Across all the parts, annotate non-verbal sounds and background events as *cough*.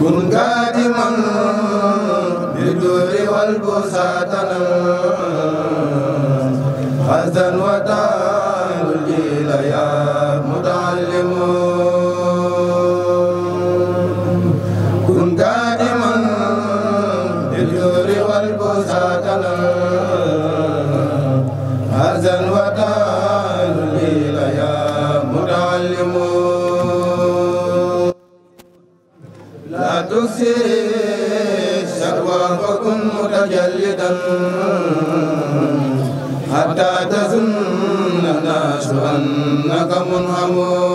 كن قادما بالدور والبساتنا حزن وتعالى أبدا حتى تظن الناس أنك منهم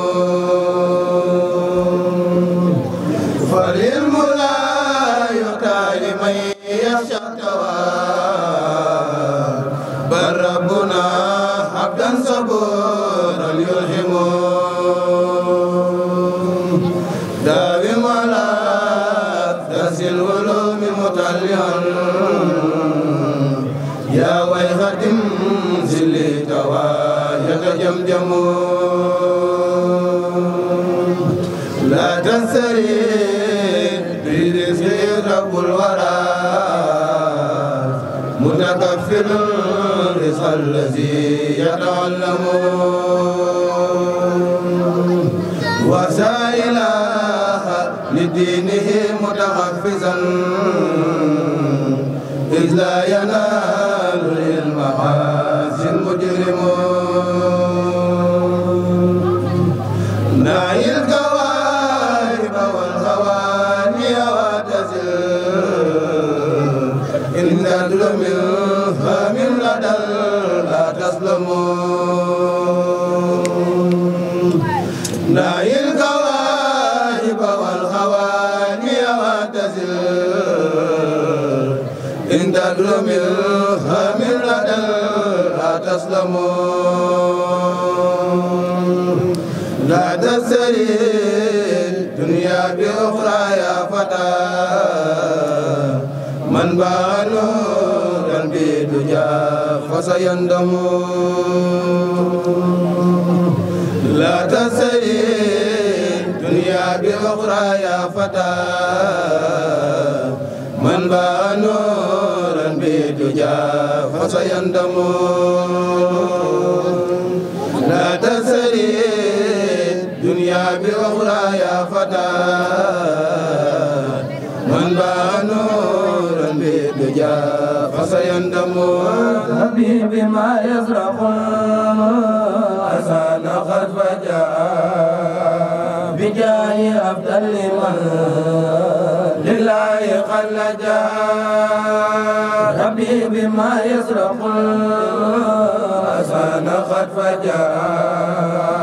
الذي يتعلم وسائل لدينه متحفزا إذ لا ينال العلم حاسن مجرم تعلمون لا تسري الدنيا بأخرى يا فتى من باع نورا بدجى فسيندم لا تسري الدنيا بأخرى يا فتى من باع نورا بالدجى فسيندم لا تسري الدنيا بأخرى يا فتى من باع نورا بالدجى فسيندم حبيبي ما يزرق أسان قد فجأ بجاه أفضل لمن لله قد لجأ به بما يسرق حسن قد فجاء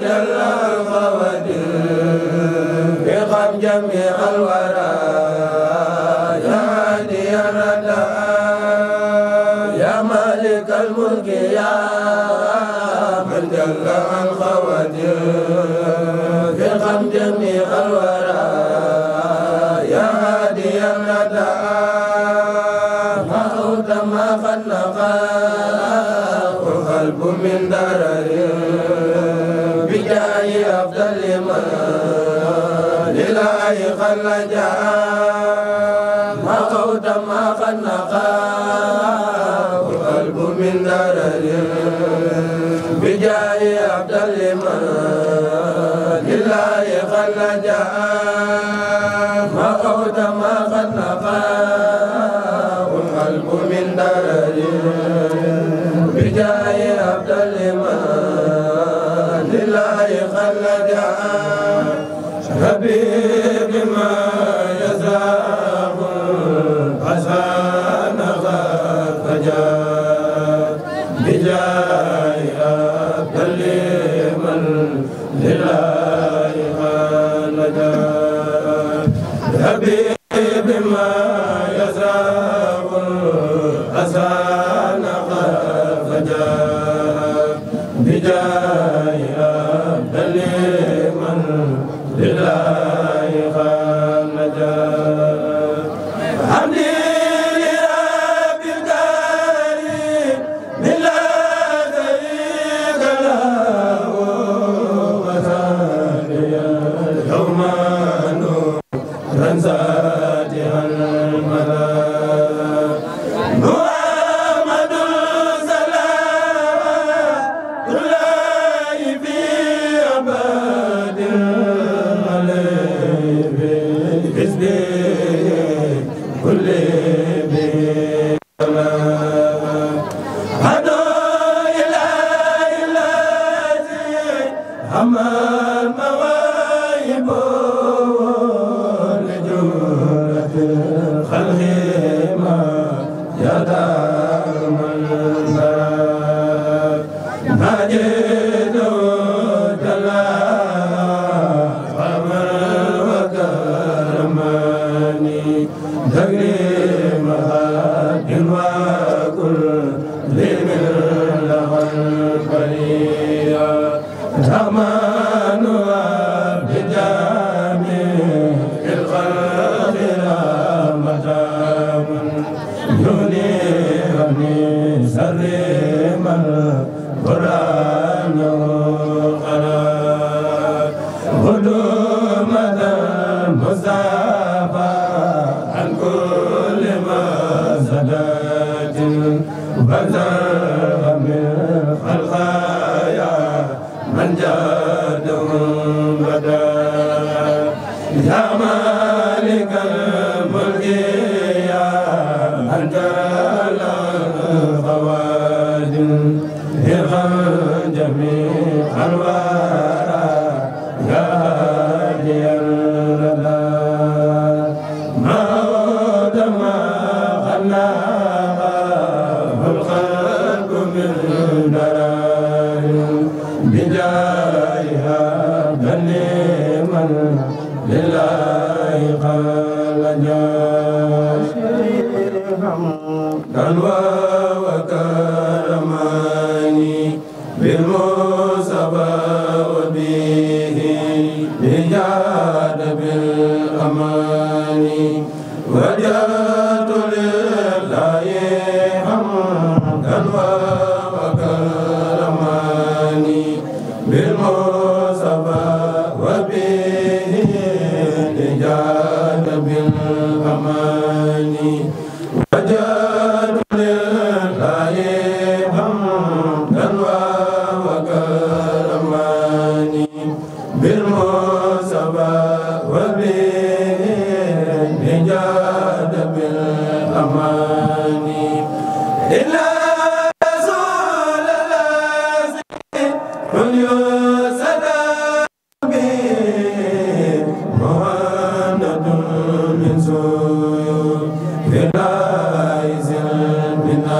جل الخواد بقم جميع الورى يا هادي الردى يا مالك الملك يا من جل لجا ما قود ما خنقا والقلب من درر بجاي عبد الإيمان لله خلجا ما قود ما خنقا والقلب من درر بجاي عبد الإيمان لله خلجا ربي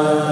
a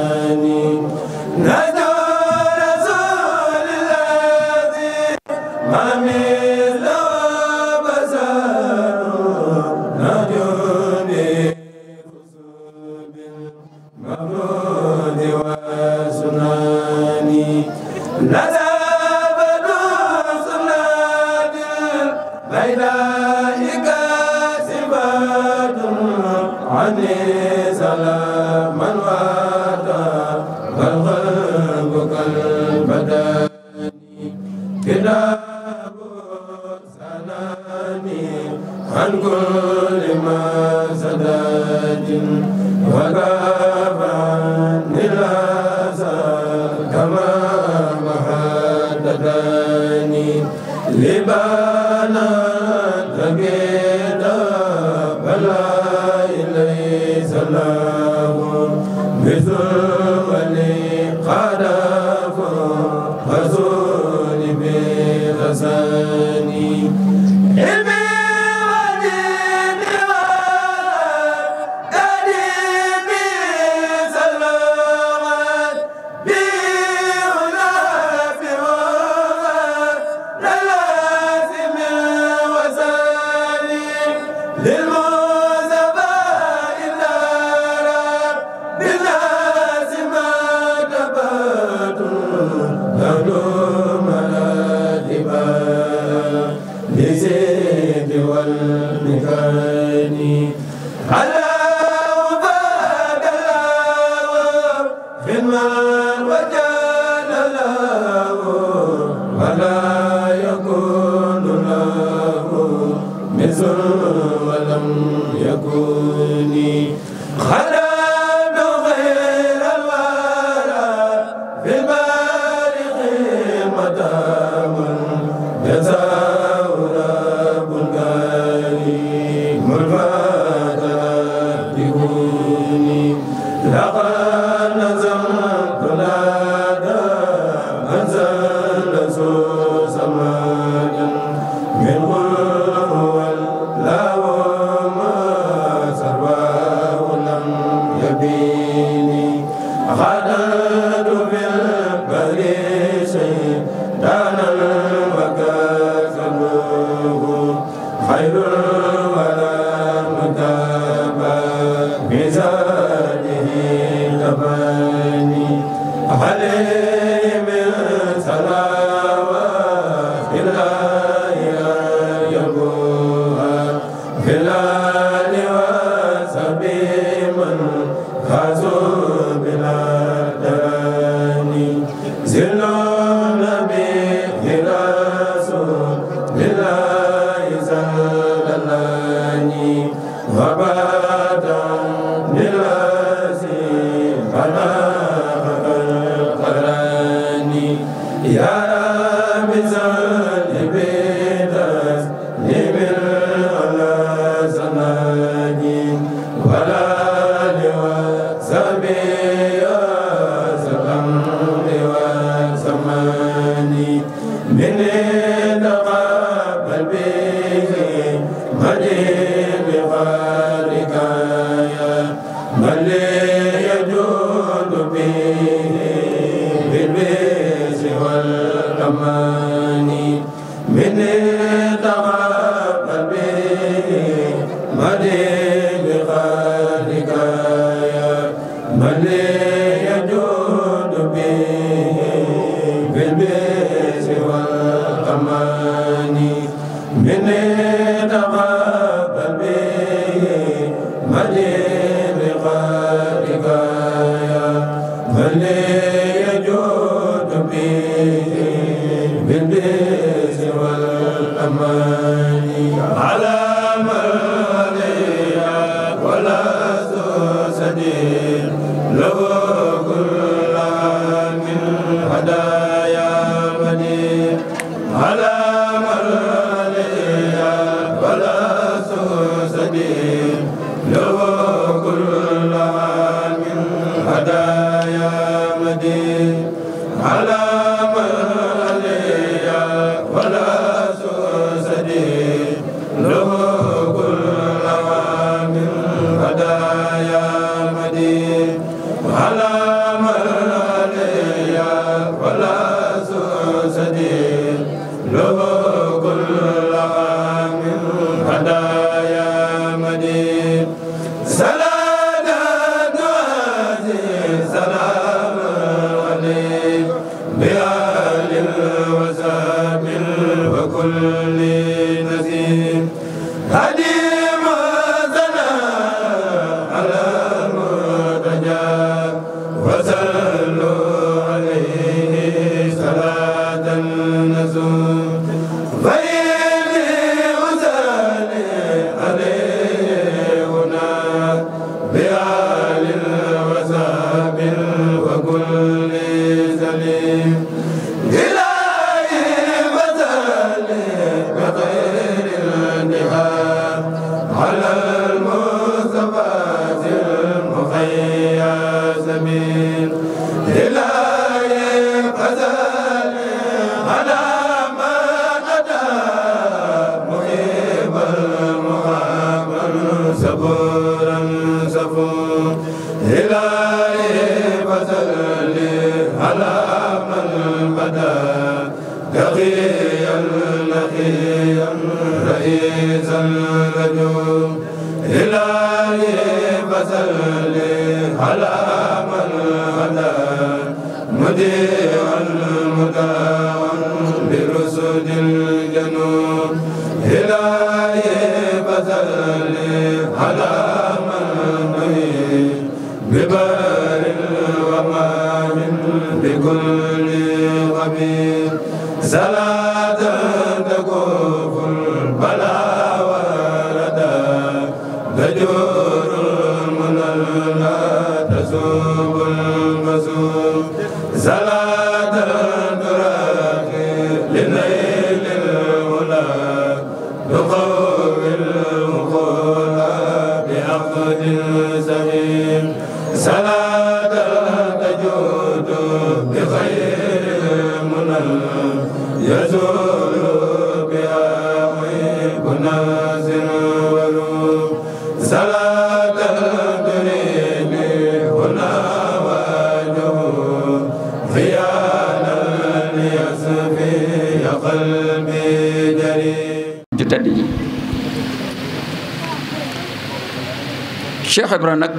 Cheikh Ibra nag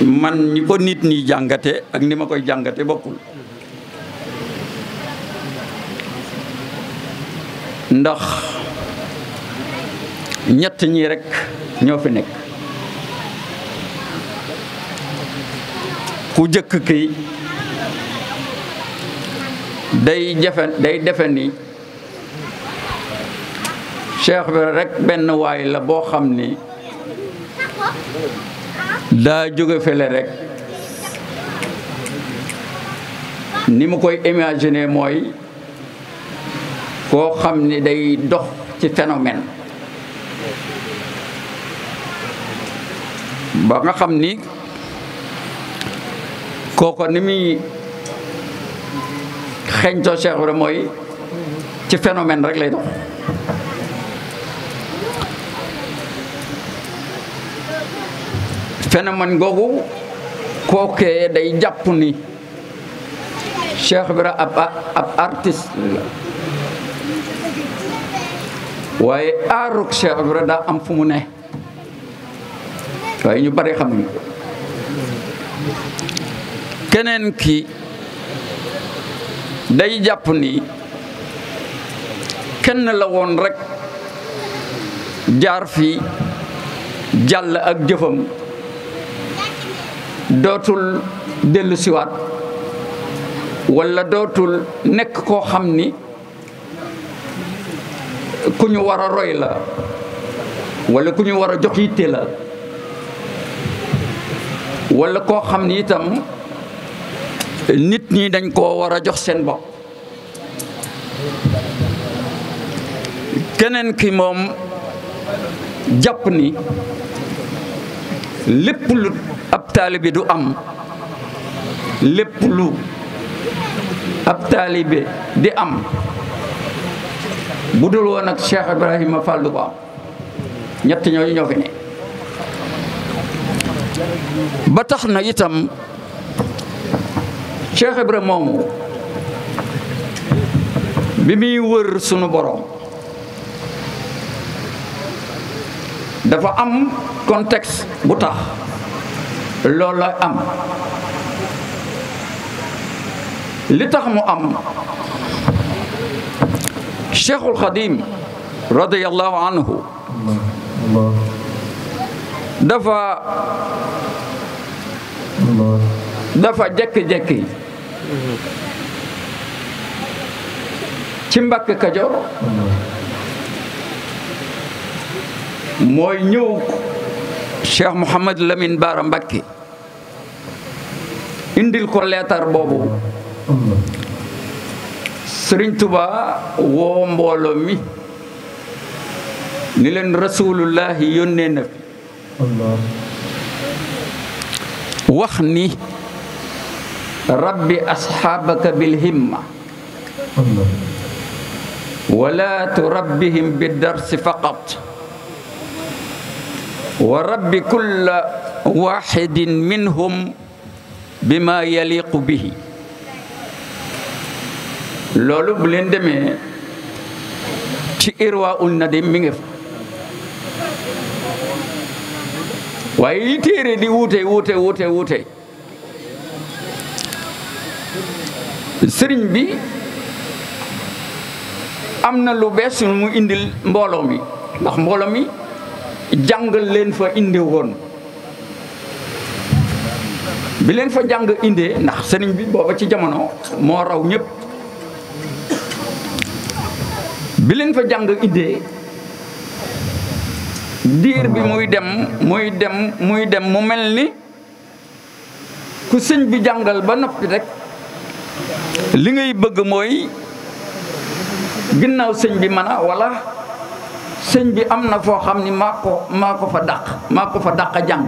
man ni ko nit ñi jàngate ak ni ma koy jàngate bokkul ndax ñett ñii rekk ñoo fi nekk ku jëkk ki day jafe day defe nii cheikh rek benn waay la boo xam ni daa jóge fele rek ni mu koy imaginer mooy koo xam ni day dox ci phénomène ba nga xam ni kooko ni muy xeñtoo cheikh bi mooy ci phénomène rek lay dox phénomène googu kookee day jàpp ni Cheikh Ibra ab ab artiste la waaye aarug Cheikh daa am fu mu ne waaye ñu bari xamuñu keneen ki day jàpp ni kenn la woon rekk jaar fi jàll ak jëfam dootul dellu siwaat walla dootul nekk koo xam ni ku ñu war a roy la walla ku ñu war a jox yitte la walla koo xam ni itam nit ñi dañ koo war a jox seen bopp keneen ki moom jàpp ni lépp lu taalibe du am lépp lu ab taalibe di am bu dul woon ak Cheikh Ibrahima Fall du ko am ñett ñooyu ñoo ba tax na itam Cheikh Ibrahima moomu bi muy wër sunu borom dafa am contexte bu tax loolu la am li tax mu am cheikhul xadim radiallahu anhu dafa dafa jekki-jekki ci Mbàkke Kajoor mooy ñëw cheikh Mouhamad Lamine Baara Mbàkke indil ko leetar boobu sëriñ Tuba woo mbooloo mi ni leen rasulullahi yónnee na fi wax ni rabbi asxaabaka bilhimma wala turabbihim bidarsi faqat wa rabbi kulla waxidin minhum bima yaliqu bihi loolu bu leen demee ci irwa ul nadim mi fa waaye yi téere di wuute wuute wuute wuute sëriñ bi am na lu bees mu indil mbooloo mi ndax mbooloo mi jàngal leen fa indi woon bi fa jàng indee ndax sëriñ bi booba ci jamono moo raw ñëpp bi fa jàng indee diir bi muy dem muy dem dem mu mel ni ku sëñ bi jàngal ba noppi rekk li ngay bëgg mooy ginnaaw sëñ bi mana walla sëñ bi am na foo xam ni maa ko maa ko fa dàq maa ko fa dàq jàng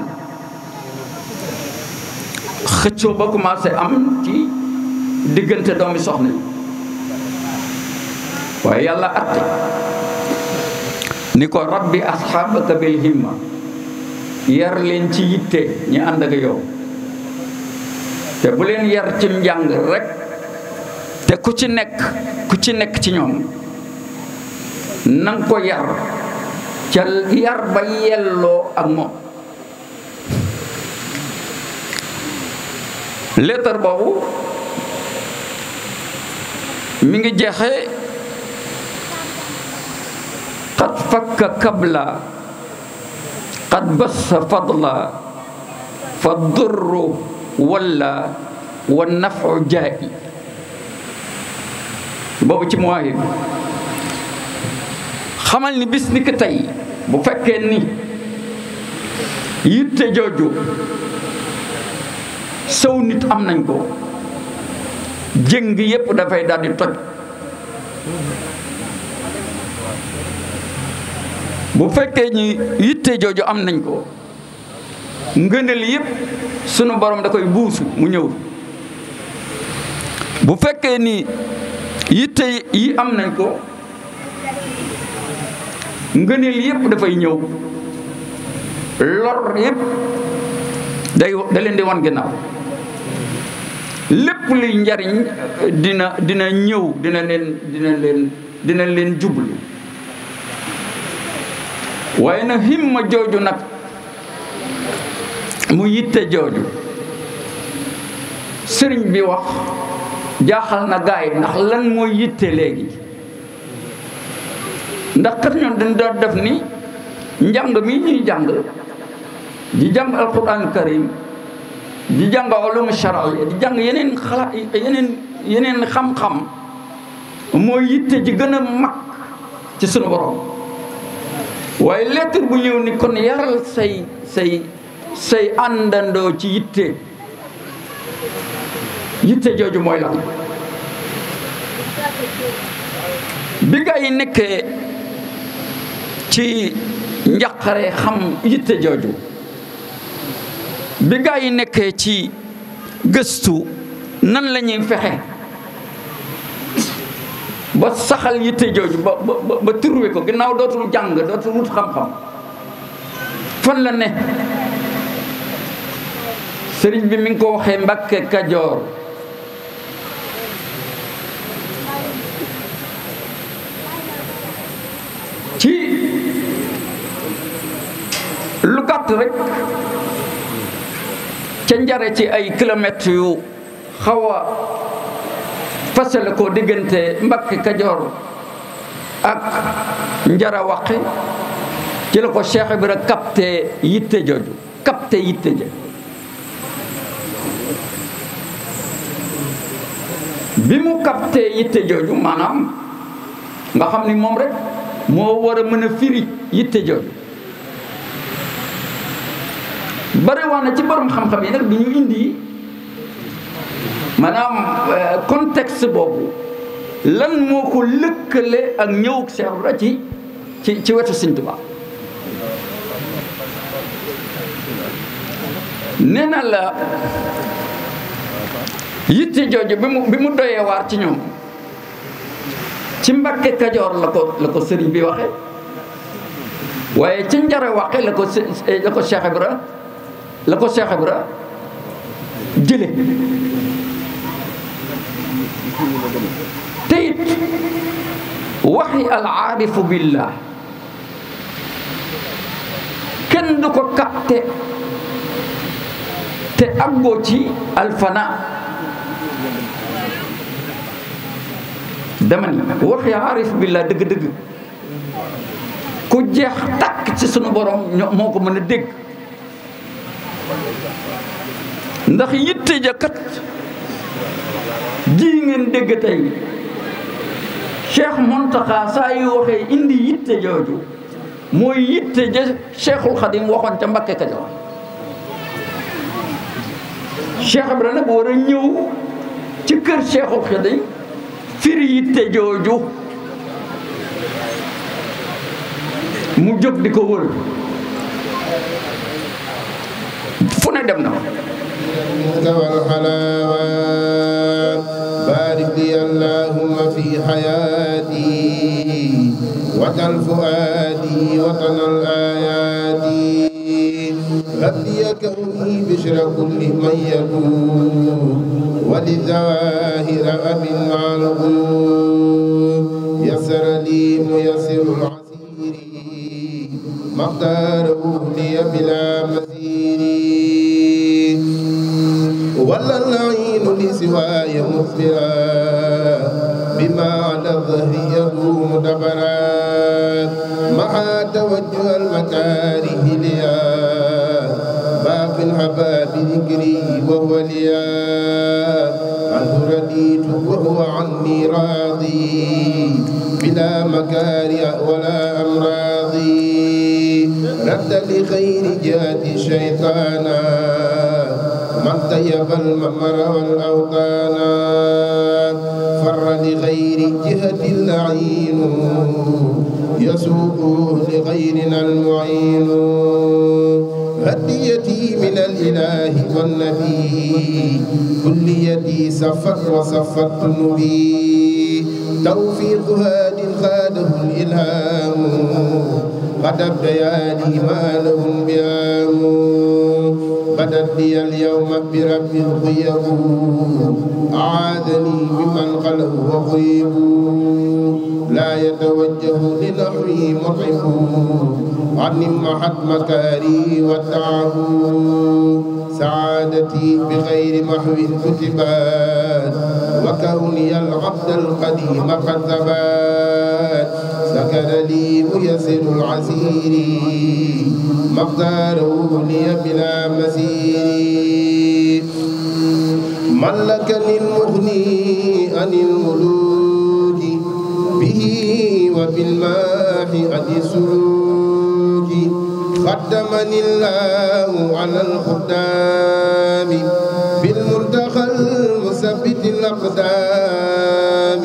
xëccoo ba commencé am ci diggante doomi soxna yi waaye yàlla atte ni ko rabbi asxaabaka bil himma yar leen ci yitte ñi ànd ak yow te bu leen yar ci njàng rekk te ku ci nekk ku ci nekk ci ñoom nang ko yar ca yar ba yelloo ak moom leetar boobu mi ngi jeexe qad fakka kabla qad bassa fadla fa durru walla wa nafu jaa'i boobu ci muwaahib xamal ni bis tey bu fekkee ni yitte jooju sow nit am nañ ko jëng yépp dafay daldi toj bu fekkee ñi yitte jooju am nañ ko ngëneel yépp sunu borom da koy buusu mu ñëw bu fekkee ni yitte yi am nañ ko ngëneel yépp dafay ñëw lor yépp day da leen di wan ginnaaw lépp luy njariñ dina dina ñëw dina leen dina leen dina leen jublu waaye nag himma jooju nag mu yitte jooju sëriñ bi wax jaaxal na gaay ndax lan mooy yitte léegi ndax kat ñoom dañ doon def ni njàng mi ñuy jàng di jàng alquran karim di jàng ulum shara'i di jàng yeneen xalaat yeneen yeneen xam-xam mooy yitte ji gën a mag ci sunu borom waaye lettre bu ñëw ni kon yaral say say say àndandoo ci yitte yitte jooju mooy lan bi nga yi nekkee ci njaqare xam yitte jooju bi gaa yi nekkee ci gëstu nan la fexe ba saxal yitte jooju ba ba ba turwe ko ginnaaw dootul jàng dootul wut xam-xam fan la ne sëriñ bi mi ngi ko waxee Mbàkke Kajoor ci lu gàtt rekk ca njare ci ay kilomètres yu xaw a fasale ko diggante Mbàkke Kajoor ak njara waqi ci la ko Cheikh Ibra capté yitte jooju capté yitte ja bi mu capté yitte jooju maanaam nga xam ni moom rek moo war a mën a firi yitte jooju bariwaan na ci borom xam-xam yi nag bi ñu indi maanaam euh, contexte boobu lan moo ko lëkkale ak ñëw Cheikh Ibra ci ci ci wetu Sëñ Tuubaa nee na la yitte jooju bi mu bi waar ci ñoom ci Mbàkke Kajoor la ko la ko sëriñ bi waxe waaye ci njare waxe la ko la ko Cheikh la ko Cheikh Ibra jële te it waxi al aarifu billah kenn du ko capté te àggoo ci alfana dama waxi aarif billah dëgg-dëgg ku jeex takk ci sunu borom moo ko mën a dégg ndax yitte jakat ji ngeen dégg tey cheikh Mountakha saa yu waxee indi yitte jooju mooy yitte ja cheikhul Khadim waxoon ca Mbakke Kajoor cheikh Ibra nag war a ñëw ci kër cheikhul Khadim firi yitte jooju mu jóg di ko wër. fu ne dem na tawal xalaawaat barik li allahumma fi xayaati watal fuaadi watanal ayaati غذي كوني بشرى كل من يدوم وللظواهر أمن مع الغيوب يسر لي ميسر العسير مقداره لي بلا مسير مسدرا بما على الظهر يدوم دبرا مع توجه المكاره ليا باقي الحباب ذكري وهو ليا عنه رديت وهو عني راضي بلا مكاره ولا أمراضي رد لخير جهة شيطانا ملتيق الممر والأوطان فر لغير جهة العين يسوق لغيرنا المعين هديتي من الإله والنبي كل يدي سفت وصفت النبي توفيق هاد خاده الإلهام قد بياني ما لهم بيام بدت لي اليوم برب الغيب أعاذني بمن غلب وغيب لا يتوجه للحي مطعم عن محت مكاري والتعب سعادتي بغير محو كتبات وكوني العبد القديم قد ثبات سكن لي ميسر عسيري مقداره لي بلا مسير ملكني المغني عن الملوك به وبالماح عن السلوك خدمني الله على الخدام بالمنتخى المثبت الأقدام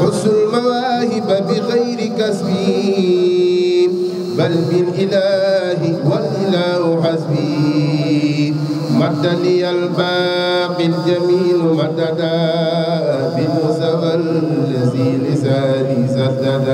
حسن الجميل مددا بمستوى الذي لساني سددا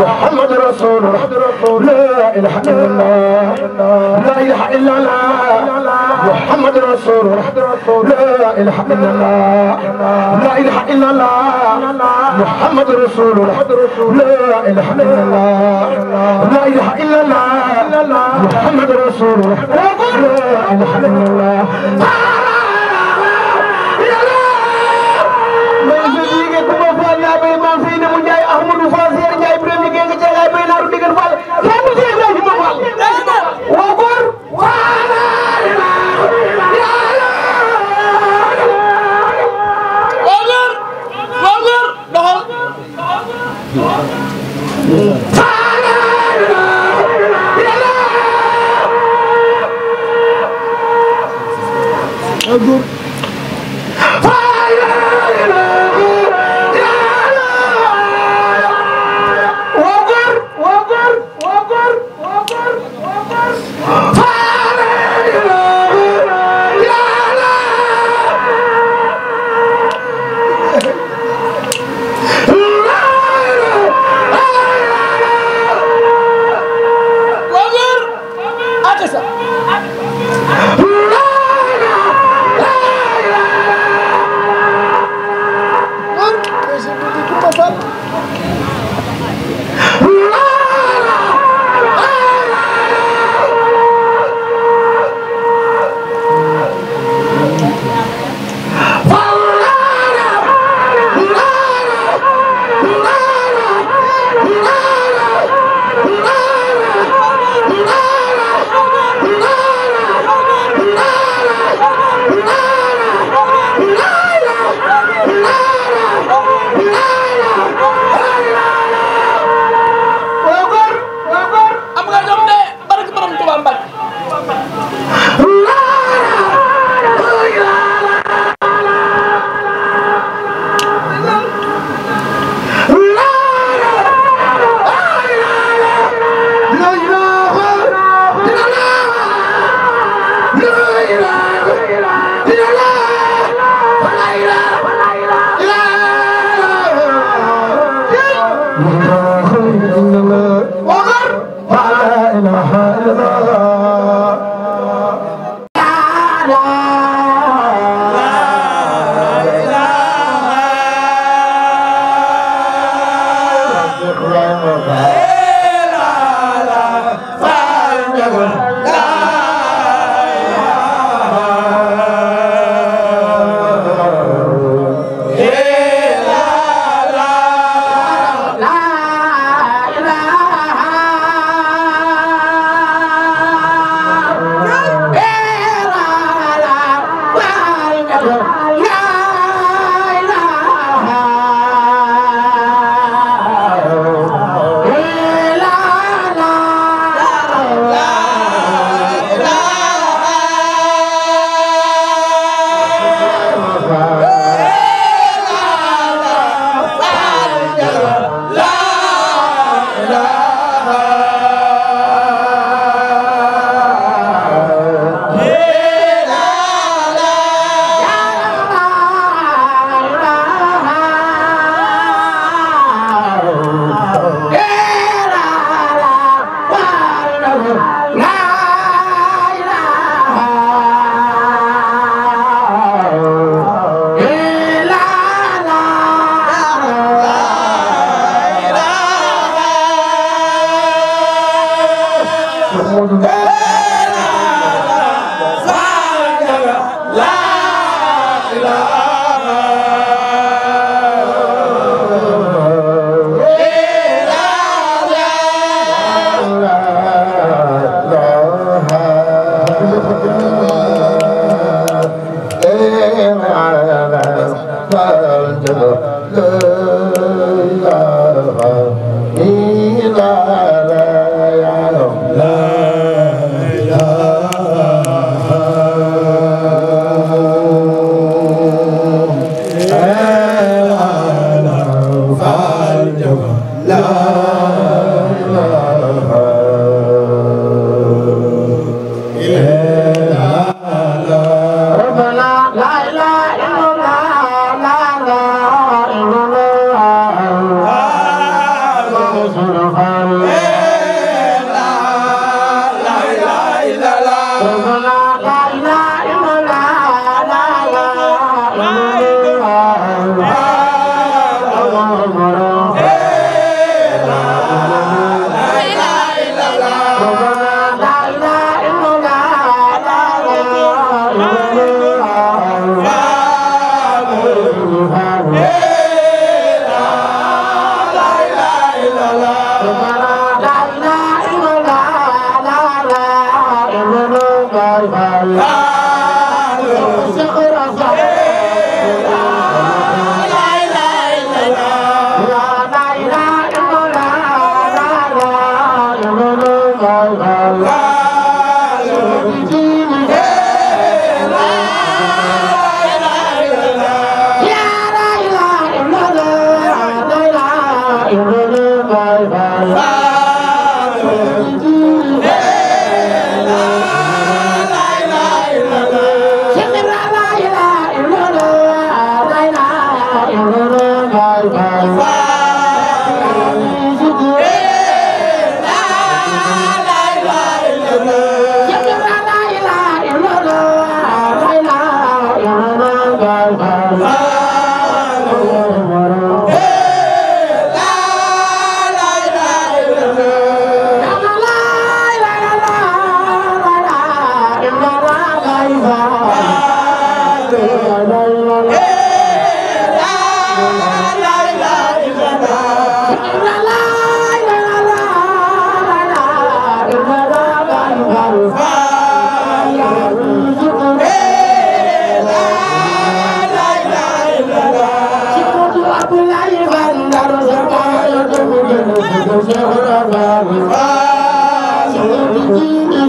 محمد رسول لا اله الا الله لا اله الا الله محمد رسول لا اله الا الله لا اله الا الله محمد رسول لا اله الا الله لا اله الا الله محمد رسول لا اله الا الله la شيخ الأبواب الفاضل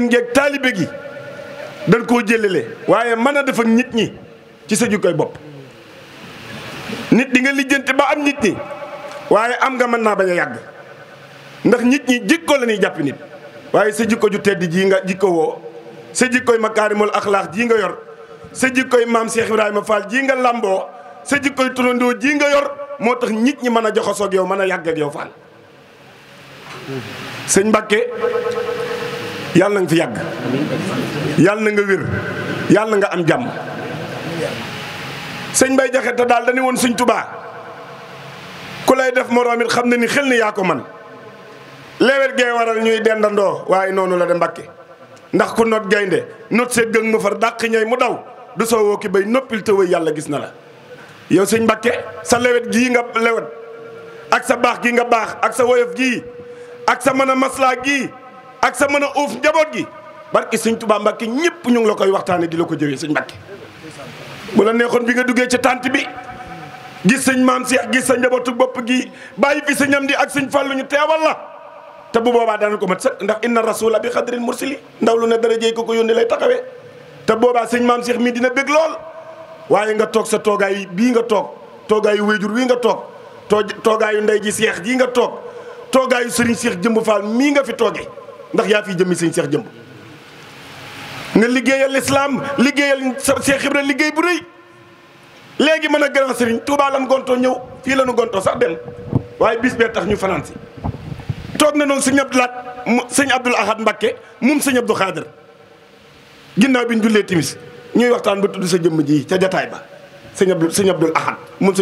yarin ngeeg taalibe gi dañ koo jëlale waaye mën a def nit ñi ci sa jukkoy bopp nit di nga lijjanti ba am nit ñi waaye am nga mën naa bañ a yàgg ndax nit ñi jikko lañuy ñuy jàpp nit waaye sa jikko ju tedd jii nga jikko woo sa jikkoy makaarimul axlaax jii nga yor sa jikkoy maam Cheikh Ibrahima Fall jii nga làmboo sa jikkoy turandoo jii nga yor moo tax nit ñi mën a jox a ak yow mën a yàgg ak yow Fall sëñ Mbàkke yàlla na nga fi yàgg yàlla na nga wér yàlla na nga am jàmm sëñ Bay Jaxate daal dañu woon sëñ Tubaa ku lay def moroom xam na ni xel ni yaa ko man leewet gay waral ñuy dendandoo waaye noonu la de Mbàkke ndax ku noot gaynde not seet gën mu far mu daw du soo woo ki bay noppil te wéy yàlla gis na la yow sëñ Mbàkke sa lewet gii nga lewet ak sa baax gi nga baax ak sa woyof gii ak sa mën maslaa gii ak sa mën a uuf njaboot gi barki sëñ tubaa Mbàkke ñëpp ñu ngi la koy waxtaane di la ko jëwee sëñ Mbàkke bu la neexoon bi nga duggee ci tànt bi gis sëñ maam si ak gis sa njabootu bopp gi bàyyi fi sëñ Amdi ak sëñ Fallu ñu teewal la te bu boobaa daan ko mat sëkk ndax inna rasula bi xadril mursili ndaw lu ne dara jëy ko ko lay taxawee te boobaa sëñ maam Cheikh mii dina bég lool waaye nga toog sa toogaay bii nga toog toogaayu wéyjur wii nga toog toogaayu ndey ji seex gii nga toog toogaayu sëriñ Cheikh jëmb Fall mii nga fi toogee ndax yaa fi jëmmi siñ seex jëmb nga liggéeyal lislaam liggéeyal sa Seex Ibra liggéey bu rëy léegi mën a grand sëriñ Tuubaa gontoo ñëw fii la nu gontoo sax dem waaye bis bee tax ñu fanaan si toog na noonu sëñ Abdoulaat sëñ Abdoul Ahad Mbakke moom sëñ Abdou Khader ginnaaw bi ñu jullee timis ñuy waxtaan ba tudd sa jëmm ji ca jataay ba sëñ Abdou sëñ Abdoul Ahad moom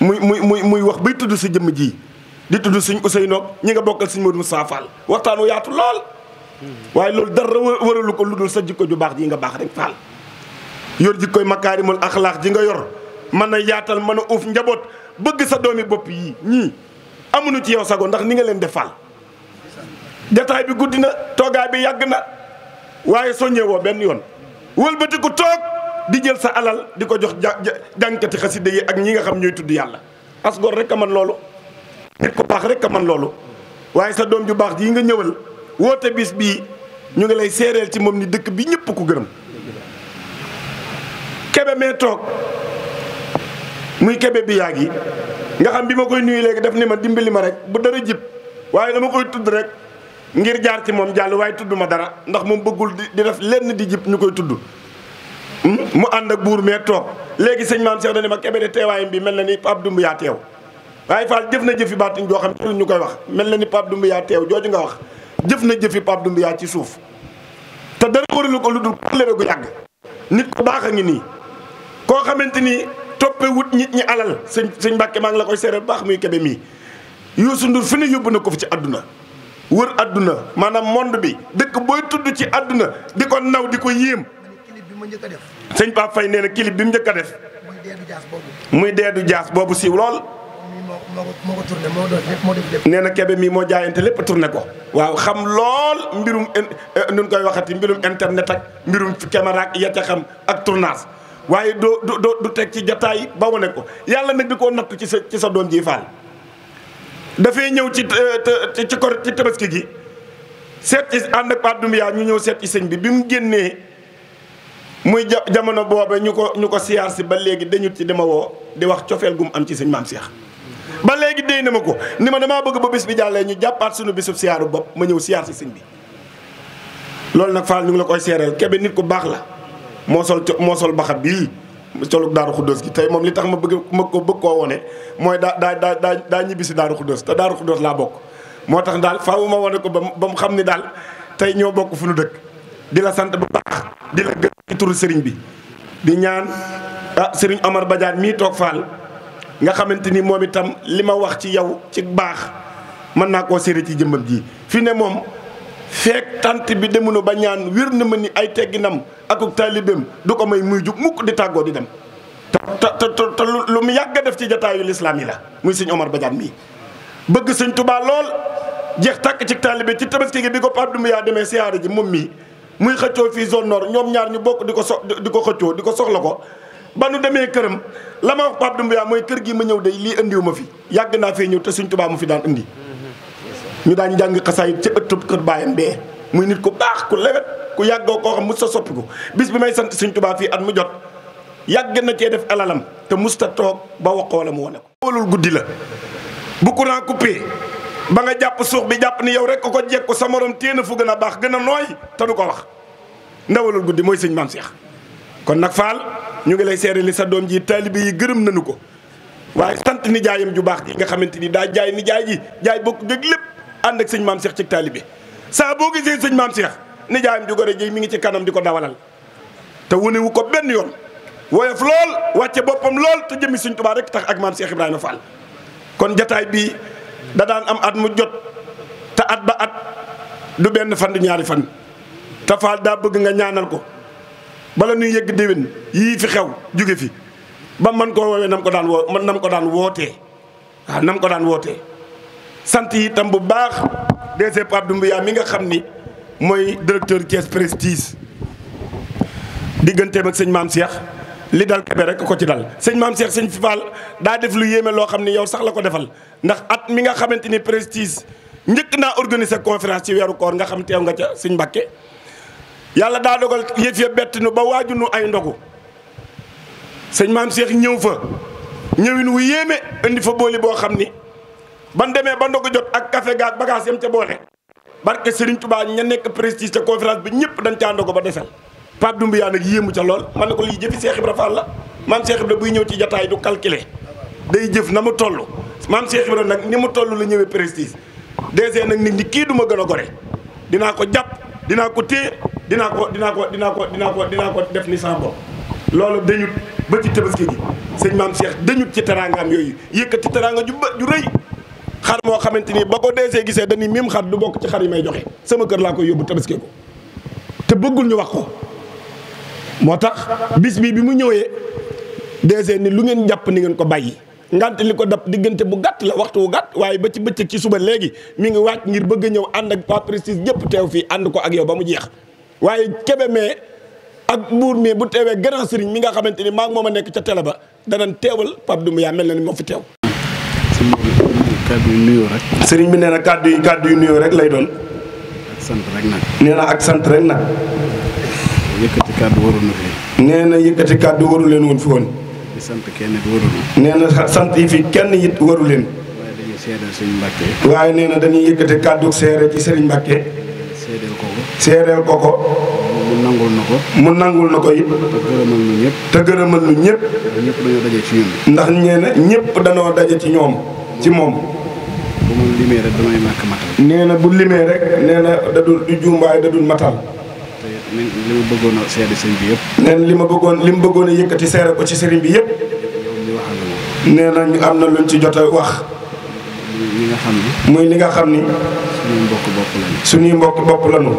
muy muy muy muy wax bay tudd sa jëmm ji di tudd suñ Ousseynou ñi nga bokkal suñ Modou Moussa Fall waxtaan wu yaatu laal waaye loolu dara waralu ko lu dul sa jikko ju baax ji nga baax rek Fall. yor jikkoy makaarimul axlaax ji nga yor mën a yaatal mën a uuf njaboot bëgg sa doomi bopp yi ñii amuñu ci yow sago ndax ni nga leen def Fall. jataay bi guddi na toogaay bi yàgg na waaye soo ñëwoo benn yoon wëlbati ko toog di jël sa alal di ko jox ja jànkati xasida yi ak ñi nga xam ñuy tudd yàlla as rek a man loolu. nit ku baax rek a man loolu waaye sa doom ju baax ji nga ñëwal woote biis bii ñu ngi lay seereel ci moom ni dëkk bi ñëpp ko gërëm kebe mee toog muy kebe bi yaag gi nga xam bi ma koy nuyu léegi daf ne ma dimbali ma rek bu dara jib waaye dama koy tudd rek ngir jaar ci moom jàll waaye tudd ma dara ndax moom bëggul di def lenn di jib ñu koy tudd hmm? mu ànd ak buur mee toog léegi sëñ maam Cheikh na ne ma kebe de teewaayam bi mel na ni Abdou yaa teew waaye Fall jëf na jëfi baatin joo xam ne ñu koy wax mel na ni Pape Doumbia teew jooju nga wax jëf na jëfi Pape Doumbia ci suuf te dara waralu ko lu dul kóllëre gu yàgg nit ko baax a ngi nii koo xamante ni toppe nit ñi alal sëñ sëñ Mbàkke maa ngi la koy seere baax muy kebe mii Youssou Ndour fi ne yóbbu na ko fi ci àdduna wër àdduna maanaam monde bi dëkk booy tudd ci àdduna di ko naw di ko yéem sëñ Pape Faye nee na kilib bi mu njëkk a def muy deedu jaas boobu siiw lool moo nee na kebe mii moo jaayante lépp tourné ko. waaw xam lool mbirum eh, nun koy waxati mbirum internet ak mbirum caméra ak ya ca xam ak tournage waaye doo doo du teg ci jataay ba wane ko yàlla nag di ko natt ci sa ci sa doom ji faal. dafay ñëw ci eh, ci kor ci tabaski gi seet ci ànd ak Pape Doumbia ñu ñëw seet ci sëñ bi bi mu génnee muy jamono boobe ñu ko ñu ko siyaar si ba léegi dañu ci dama woo di wax cofeel gum am ci sëñ maam Cheikh. ba léegi déy na ma ko ni ma damaa bëgg ba bis bi jàllee ñu jàppaat sunu bisub siyaaru bopp ma ñëw siyaar si sëñ bi loolu nag Fall ñu ngi la koy seereel kebe nit ku baax la moo sol moo sol baxa bii colu daaru xuddoos gi tey moom li tax ma bëgg ma ko bëgg koo wone mooy daa daa daa daa daa ñibbi daaru xuddoos te daaru xuddoos laa bokk moo tax daal faaw ma wone ko ba ba mu xam ni daal tey ñoo bokk fu nu dëkk di la sant bu baax di la gën ci turu sëriñ bi di ñaan ah sëriñ Omar Badiane mii toog Fall nga xamante ni moom itam li ma wax ci yow ci baax mën naa koo séere ci jëmbam ji fi ne moom feek tant bi demuñu ba ñaan wér na ma ni ay tegginam akuk taalibeem du ko may muy jug mukk di tàggoo di dem te te te lu mu yàgg a def ci jataayu lislaam yi la muy sëñ Omar Badiane mii bëgg sëñ Tubaa lool jeex tàkk ci taalibe ci tabaski gi bi ko Pape Doumbia demee siyaare ji moom mii muy xëccoo fii zone nord ñoom ñaar ñu bokk di ko so di ko xëccoo di ko soxla ko ba nu demee këram la ma wax Pape Doumbia mooy kër gi ma ñëw de lii andiwu ma fi yàgg naa fee ñëw te suñ tubaa mu fi daan indi ñu daan jàng xasaayit ci ëttub kër baayam bee muy nit ku baax ku lewet ku yàggoo koo xam mu sa soppi ko bis bi may sant suñ tubaa fii at mu jot yàgg na cee def alalam te mus ta toog ba waxoo la mu wane ko wóolul guddi la bukku naa coupé ba nga jàpp suux bi jàpp ni yow rek ko ko jekku sa morom na fu gën a baax gën a nooy te ko wax ndawalul guddi mooy sëñ maam kon nag Fall ñu ngi lay seere li sa doom ji taalibe yi gërëm nañu ko waaye sant nijaayam ju baax ji nga xamante ni daa jaay ni jaay ji jaay bokk géeg lépp ànd ak sëñ maam Cheikh ci taalibe saa boo gisee sëñ maam Cheikh ni jaayam ju gore ji mi ngi ci kanam di ko dawalal te wunewu ko benn yoon woyof lool wàcce boppam lool te jëmi sëñ Tuubaa rekk tax ak maam Cheikh Ibrahima Fall kon jataay bii da daan am at mu jot te at ba at du benn fan du ñaari fan te Fall daa bëgg nga ñaanal ko bala nuy yëgg déwén yii fi xew jóge fi ba man koo woowee nam ko daan woo man nam ko daan wootee waaw nam ko daan wootee sant itam bu baax DG Pape Doumbia mi nga xam ni mooy directeur Thiès Prestige digganteem ak sëñ maam Cheikh li dal Kébé rek ko ci dal sëñ maam Cheikh sëñ Fall daa def lu yéeme loo xam ni yow sax la ko defal ndax at mi nga xamante ni Prestige njëkk naa organiser conférence ci weeru koor nga xam teew nga ca sëñ Mbàkke yàlla daa dogal yëf ya bett nu ba waaju nu ay ndogu sëñ maam Cheikh ñëw fa ñëwin wu yéeme indi fa booli boo xam ni ban demee ba ndogu jot ak café gaag bagage yam ca boole barke Serigne Touba ña nekk prestige ca conférence bi ñëpp dañ caa ndogu ba desal Pape Doumbia nag yéemu ca lool man ne ko lii jëfi Cheikh Ibra Fall la maam Cheikh Ibra buy ñëw ci jataay du calculer day jëf na mu toll maam Cheikh Ibra nag ni mu toll la ñëwee prestige dèjà nag nit ñi kii du ma gën a gore dinaa ko jàpp dinaa ko téye dinaa ko dinaa ko dinaa ko dinaa ko dinaa ko def ni sama bopp loolu dañut ba ci tabaski gi sëñ maam Cheikh dañut ci teraangaam yooyu yëkkati teraanga ju ba ju rëy xar moo xamante ni ba ko deesee gisee dañuy mim xar du bokk ci xar yi may joxe sama kër laa koy yóbbu tabaski ko te bëggul ñu wax ko moo tax bis bi bi mu ñëwee deesee ni lu ngeen jàpp ni ngeen ko bàyyi. ngant li ko dab diggante bu gàtt la waxtu wu gàtt waaye ba ci bëccëg ci suba léegi mi ngi waaj ngir bëgg a ñëw ànd ak waa Prestige yëpp teew fii ànd ko ak yow ba mu jeex waaye kebe mee ak buur mi bu teewee grand sëriñ mi nga xamante ni maa ngi moom a nekk ca télé ba danañ teewal Pape Doumbia mel na ni moo fi teew. kàddu yu nuyoo bi nee na kàddu yi kàddu yu nuyoo rek lay doon. ak sant rek nag. nee na ak sant rek nag. yëkkati kàddu waroon na fi. nee yëkkati kàddu waru leen woon fi di sant kenn it nee na sant yi fi kenn it waru leen. waaye dañuy seedeel sëriñ nee na dañuy yëkkate kàddu seere ci sëriñ Mbacke. seedeel ko ko. seedeel ko ko. mu nangul na ko. mu nangul na ko it. te gërëmal nu ñëpp. te gërëmal nu ñëpp. ndax ñëpp dañoo daje ci ñoom. ndax nee na ñëpp dañoo daje ci ñoom. ci moom. bu nee na bu limee rek nee na dadul du juum waaye matal. li ma bëggoon a seede sëriñ bi yëpp. nee li ma bëggoon li ma bëggoon a yëkkati seere ko ci sëriñ bi yëpp. nee na ñu am na luñ ci jot a wax. muy li nga xam ni. muy li nga xam ni. suñuy mbokk bopp lañu.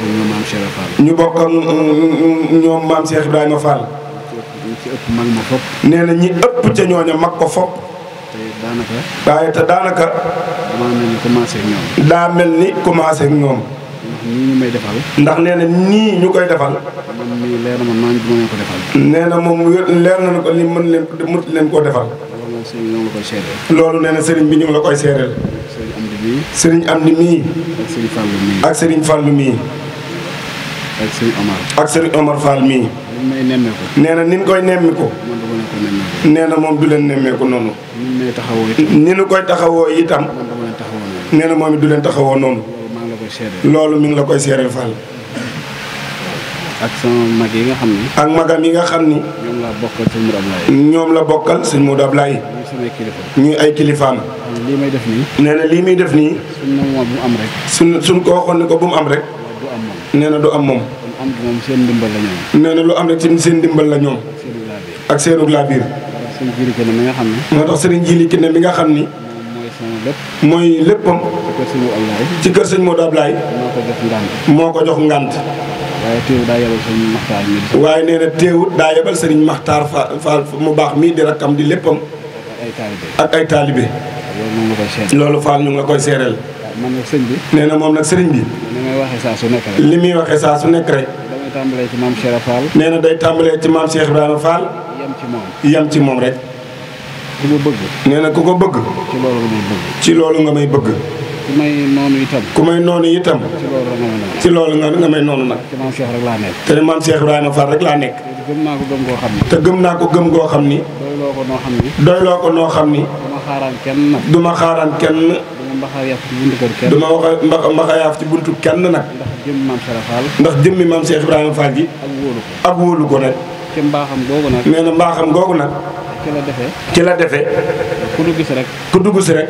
suñuy mbokk lañu. ñu bokk ñoom maam Cheikh Ibrahima Fall. ñi ëpp ca ñooña mag ko fopp. waaye te daanaka. daa mel ni commencé ñoom. nii may defal. ndax nee na nii ñu koy defal. man mii leer na ma ko nee na moom leer na ko li mën leen mën leen koo defal. loolu sëriñ loolu nee na sëriñ bi ñu la koy seereel. sëriñ am mii. ak sëriñ Fallou mii. ak sëriñ Fallou mii. ak sëriñ Omar. ak sëriñ Omar mii. may nemmeeku. nee na ni koy nemmeeku. nee na moom du leen nemmeeku noonu. ni ñu koy taxawoo itam. nee moom it du leen taxawoo noonu. loolu mu ngi la koy seereel Fall. ak sama mag yi nga xam ni. ak magam yi nga xam ni. ñoom la bokkal sëñ Modou Ablaye. ñoom la bokkal sëñ Modou Ablaye. ñuy ay kilifaan lii may def nii. nee na lii muy def nii. suñ ko rek. suñ suñ ko waxoon ne ko bu mu am rek. nee na du am moom. am moom ndimbal la ñoom. nee na lu am rek ci seen ndimbal la ñoom. ak seenug laa biir. moo tax sëriñ Jili Kine mi nga xam ni. sama lépp mooy léppam ci kër sëñ Modou Ablaye moo ko jox ngànt moo ko jox ngànt waaye teewut daa yebal sëriñ Maxtaar mii waaye nee na teewut daa yebal sëriñ Maxtaar Fall mu baax mii di rakkam di léppam ak ay taalibe loolu Fall ñu ngi la koy seereel ah, man sëñ bi nee na moom nag sëriñ bi li muy waxee saa su nekk rek li muy waxee saa su nekk rek damay tàmbalee ci maam Cheikh Fall na day tàmbalee ci maam Cheikh Ibrahima Fall ci moom rek ku bëgg. nee na ku ko bëgg. ci loolu nga may bëgg. ci loolu nga ku may noonu itam. ku may noonu itam. ci loolu nga noonu nag. te maam rek laa nekk. te maam Cheikh Ibrahima Fall rek laa nekk. goo xam ni. te gëm naa ko gëm goo xam ni. doyloo ko noo xam ni. doyloo xam ni. duma xaaraan kenn nag. duma kenn. duma mbaxa mbaxa ci buntu kenn nag. ndax jëmmi maam ndax jëmmi maam Cheikh Ibrahima Fall ji. ak wóolu ko ak wóolu nee na mbaaxam googu nag. ci la defee. ci la defee. ku nu gis rek. ku dugg si rek.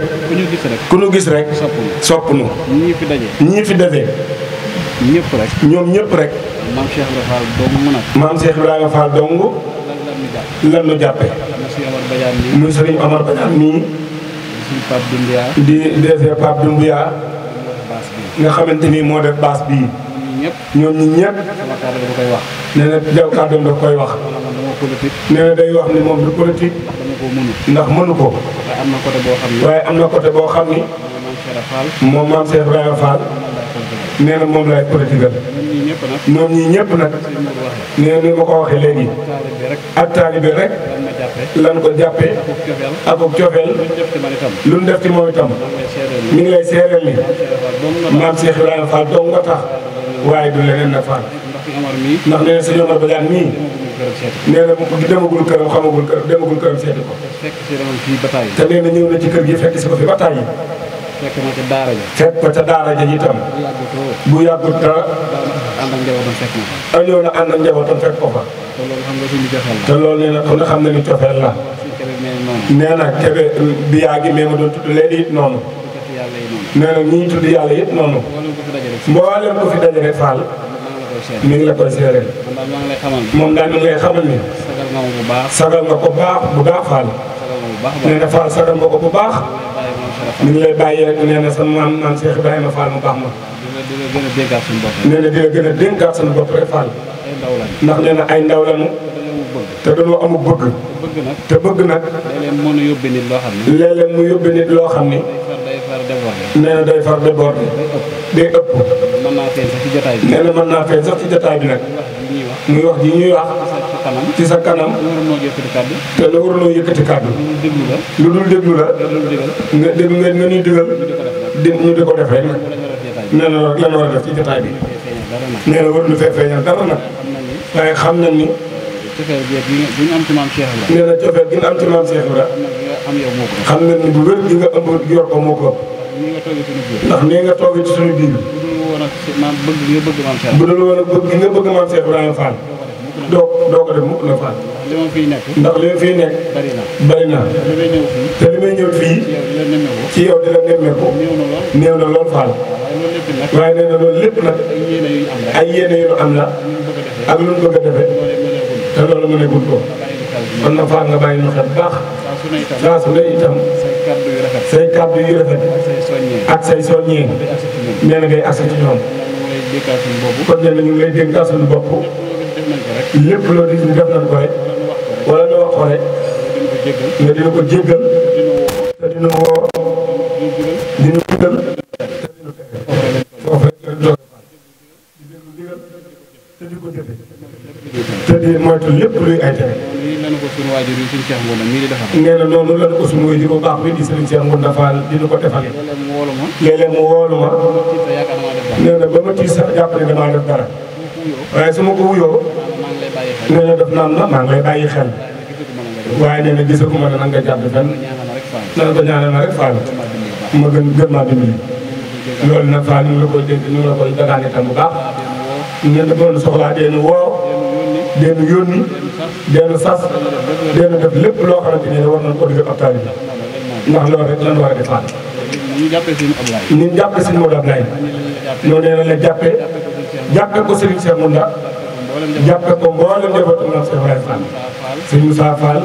gis rek. ku nu gis rek. soppunu soppunu. ñii fi daje. ñii fi defee. ñëpp rek. ñoom ñëpp rek. maam Cheikh Ibrahima Fall dong mu nag. maam Cheikh Ibrahima Fall dong. lan la muy Serigne Omar Badiane mii. di Pape Doumbia. di DG nga xamante ni moo def baas bii. ñëpp. ñoom ñi ñëpp. sama kàddu dama da koy wax. nee na day wax ni moom du politique. ndax mënu ko. waaye am na côté boo xam ni. waaye am na côté boo xam ni. moom maam Cheikh Ibrahima Fall. nee na moom laay politigal. ñoom ñii ñëpp nag. nee na ma ko waxee léegi. ak taalibe rek. lan ko jàppee. ak ko cofeel. lu ñu def ci moom itam. mi ngi lay seereel ni. maam Cheikh Ibrahima Fall nga tax. waaye du leneen na faal. ndax nee na sëñ Omar Badiane mii. nee na mu demagul këram xamagul këram demagul këram seeti ko. te nee na ñëw na ci kër gi fekk si ko fi bataay yi. fekk ma ca daara ja. fekk ko ca daara ja itam. bu yàggut dara. ñëw na ànd ak njabootam fekk ko fa. te loolu nee na kon xam na ni cofeel la. nee na kebe bi yaa ngi mais ma doon tudd léegi noonu. yàlla yi noonu. nee na ñuy tudd yàlla yëpp noonu. mboolem ko fi daje rek Fall. mi ngi la koy seereel. moom daal mi ngi lay xamal ni. sagal nga bu baax. sagal nga ko baax bu baax Fall. nee na Fall sagal nga ko bu baax. mi ngi lay bàyyi rek nee na sa maam maam Cheikh Ibrahima Fall mu baax ma. gën a dénkaat suñu bopp rek. nee na di la gën a dénkaat suñu bopp rek Fall. ndax nee na ay ndaw lañu. te dañoo amul bëgg. te bëgg nag. léeg-léeg mu yóbbee loo xam ne. mu yóbbee nit loo xam ne. nee na day far de bor bi ëpp. mën naa ci jotaay bi. na mën naa feeñ sax ci jotaay bi nag. muy wax ji ñuy wax. ci sa kanam. te la waruloo yëkkati kàddu. lu dul déglu la. nga dégg nga nga ñuy digal. di ñu di ko def rek. a ci jotaay bi. nee na warul fee feeñal dara waaye xam nañ ni. cofeel gi ñu am ci maam Cheikh Ibrahima. nee na cofeel gi ñu am ci maam Cheikh Ibrahima. xam nga ni bu wér gi nga ëmb yor ko moo nii nga toogee suñu biir. ndax nii nga toogee ci suñu biir. bu dul woon ak maam bëgg nga nga bëgg maam Cheikh Ibrahima Fall. doo doo ko def mukk na Fall. li ma fiy nekk. ndax li ma fiy nekk. bari na bari na. te li may ñëw fii. te li may ñëw fii. ci yow di la nemmeeku. néew na lool néew na lool Fall. waaye nee na loolu lépp nag. ay yéene yu am la. ak lu ñu bëgg defee. te loolu mu nekkul ko. kon na faam nga bàyyi ñu xel baax. saa su ne itam say kàddu yu rafet. say kàddu yu ak say soññee. nee na ngay asa ci ñoom. kon nee na ñu ngi lay dénkaa suñu bopp. lépp loo gis ñu def nañ ko rek. wala ñu wax ko rek. nga dina ko jéggal. te dina woo. dina dugal. te di ko jëfe te di moytu lépp luy ay tere. nee noonu lan ko suñu waajur bu baax bi di sëriñ Cheikh Ngounda Fall di nu ko defalee. léeg mu woolu ma nee na ba ma tiis sax jàpp ne damaa def dara. waaye su ma ko wuyoo. nee na daf naan la maa ngi bàyyi xel. waaye nee na gisagu jàpp fenn. nan ko ñaanal ma rek Fall. ma gën gën maa dimbali. loolu nag Fall ñu ngi la koy dégg ñu ngi la koy dagaane tam bu baax. ngeen dafa doon soxlaa deenu woo deenu yónni deenu sas deenu def lépp loo xamante ne war nañ ko digal ab taalibe bi ndax loolu rek lan war a defaat ñu jàppe sëñ Modou Abdoulaye noonu nee na la jàppe jàppe ko Serigne Cheikh Mounda jàppe ko mboolem njabootu Mame Cheikh Ibrahima Fall sëñ Moussa Fall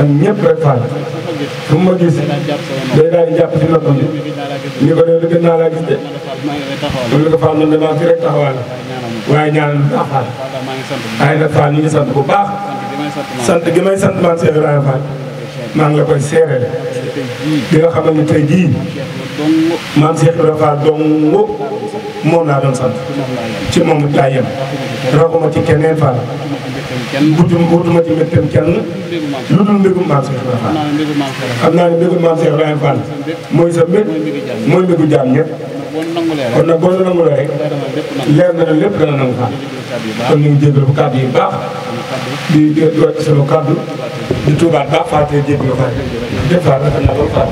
ak ñëpp rek Fall fu ma gis day daal di jàpp ci noppam bi ni ko loolu gën naa laa gis de. loolu la ko faal man damaa fi rek taxawaale. waaye ñaanal lu baax faal. waaye nag faal ñu ngi sant bu baax. sant gi may sant maam Cheikh Ibrahima Fall. maa ngi la koy seereel. di nga xamal ni tey jii. maam Cheikh Ibrahima Fall dong moom laa doon sant. ci moom it laa yem. ci keneen Fall. wutuma ko wutuma ci mbégteem kenn lu dul mbégum maam Cheikh Ibrahima Fall xam mooy sa mbég mooy mbégu jaam ñëpp kon nag boo la nangulee rek leer na ne lépp dana nangu fa kon ñu ngi jégalu kàddu yi baax di di wàcc sama kàddu di tuubaat baax fàttee jégalu fa def fa rafet na loolu fa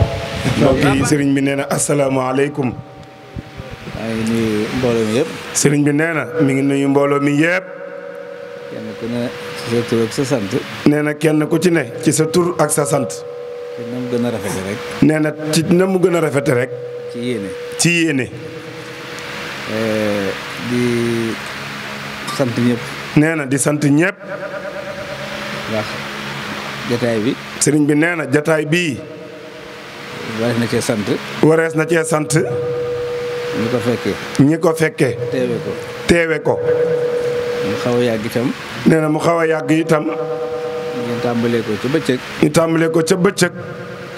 mbokki sëriñ bi nee na asalaamaaleykum waaye nuyu mbooloo mi yëpp sëriñ bi nee na mi ngi nuyu mbooloo mi yëpp kenn ku ne ci sa tur ak sa sant. nee na kenn ku ci ne ci sa tur ak sa sant. ci na mu nee na ci mu gën a rafete rek. ci yéene. ci yéene. di sant ñëpp. na di sant ñëpp. ndax jataay bi. sëriñ bi nee na jataay bii. warees na cee sant. warees na cee sant. ñi ko fekkee. ko fekkee. teewe ko. teewe ko. xaw a yàgg itam. nee na mu xaw a yàgg itam. ñu tàmbalee ko ca bëccëg. ñu tàmbalee ko ca bëccëg.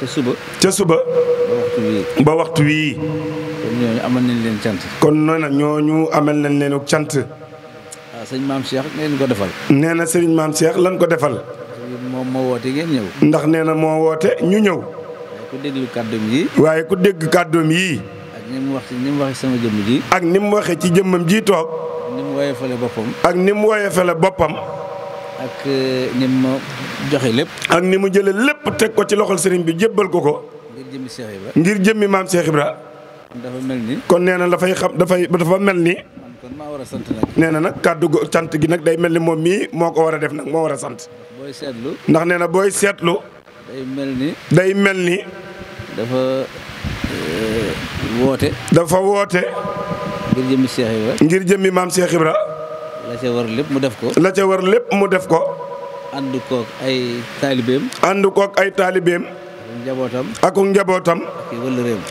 ca suba. ca suba. ba waxtu wii. kon ñooñu amal nañ leen cant. kon noonu ñooñu amal nañ leen cant. waaw ah, sëñ maam Cheikh ngeen ko defal. nee na sëñ maam Cheikh lan ko defal. moom moo ndax nee na moo woote ñu ñëw. waaye ku déglu waaye ku dégg kàddoom yii. ak ni mu wax ci ni mu waxee sama jëmm ji. ak ni mu waxee ci jëmmam ji toog. woyofale boppam. ak ni mu woyofale boppam. ak eh, ni ma joxe lépp. ak ni mu jëlee lépp teg ko ci loxol sëriñ bi jébbal ko ko. ngir jëmmi Cheikh ngir jëmmi maam Cheikh Ibra. dafa mel ni. kon nee na dafay xam dafay dafa mel ni. kon maa war a sant nag. nee na nag kàddu go gi nag day mel ni moom mii moo ko war a def nag moo war a sant. booy seetlu. ndax nee na booy seetlu. day mel day mel ni. dafa eh, woote. dafa woote. ngir jëmmi Cheikh ngir jëmmi maam Cheikh Ibra. la ca lépp mu def ko. la ca war lépp mu def ko. ànd kook ay taalibeem. ànd kook ay taalibeem. ak njabootam. ak njabootam.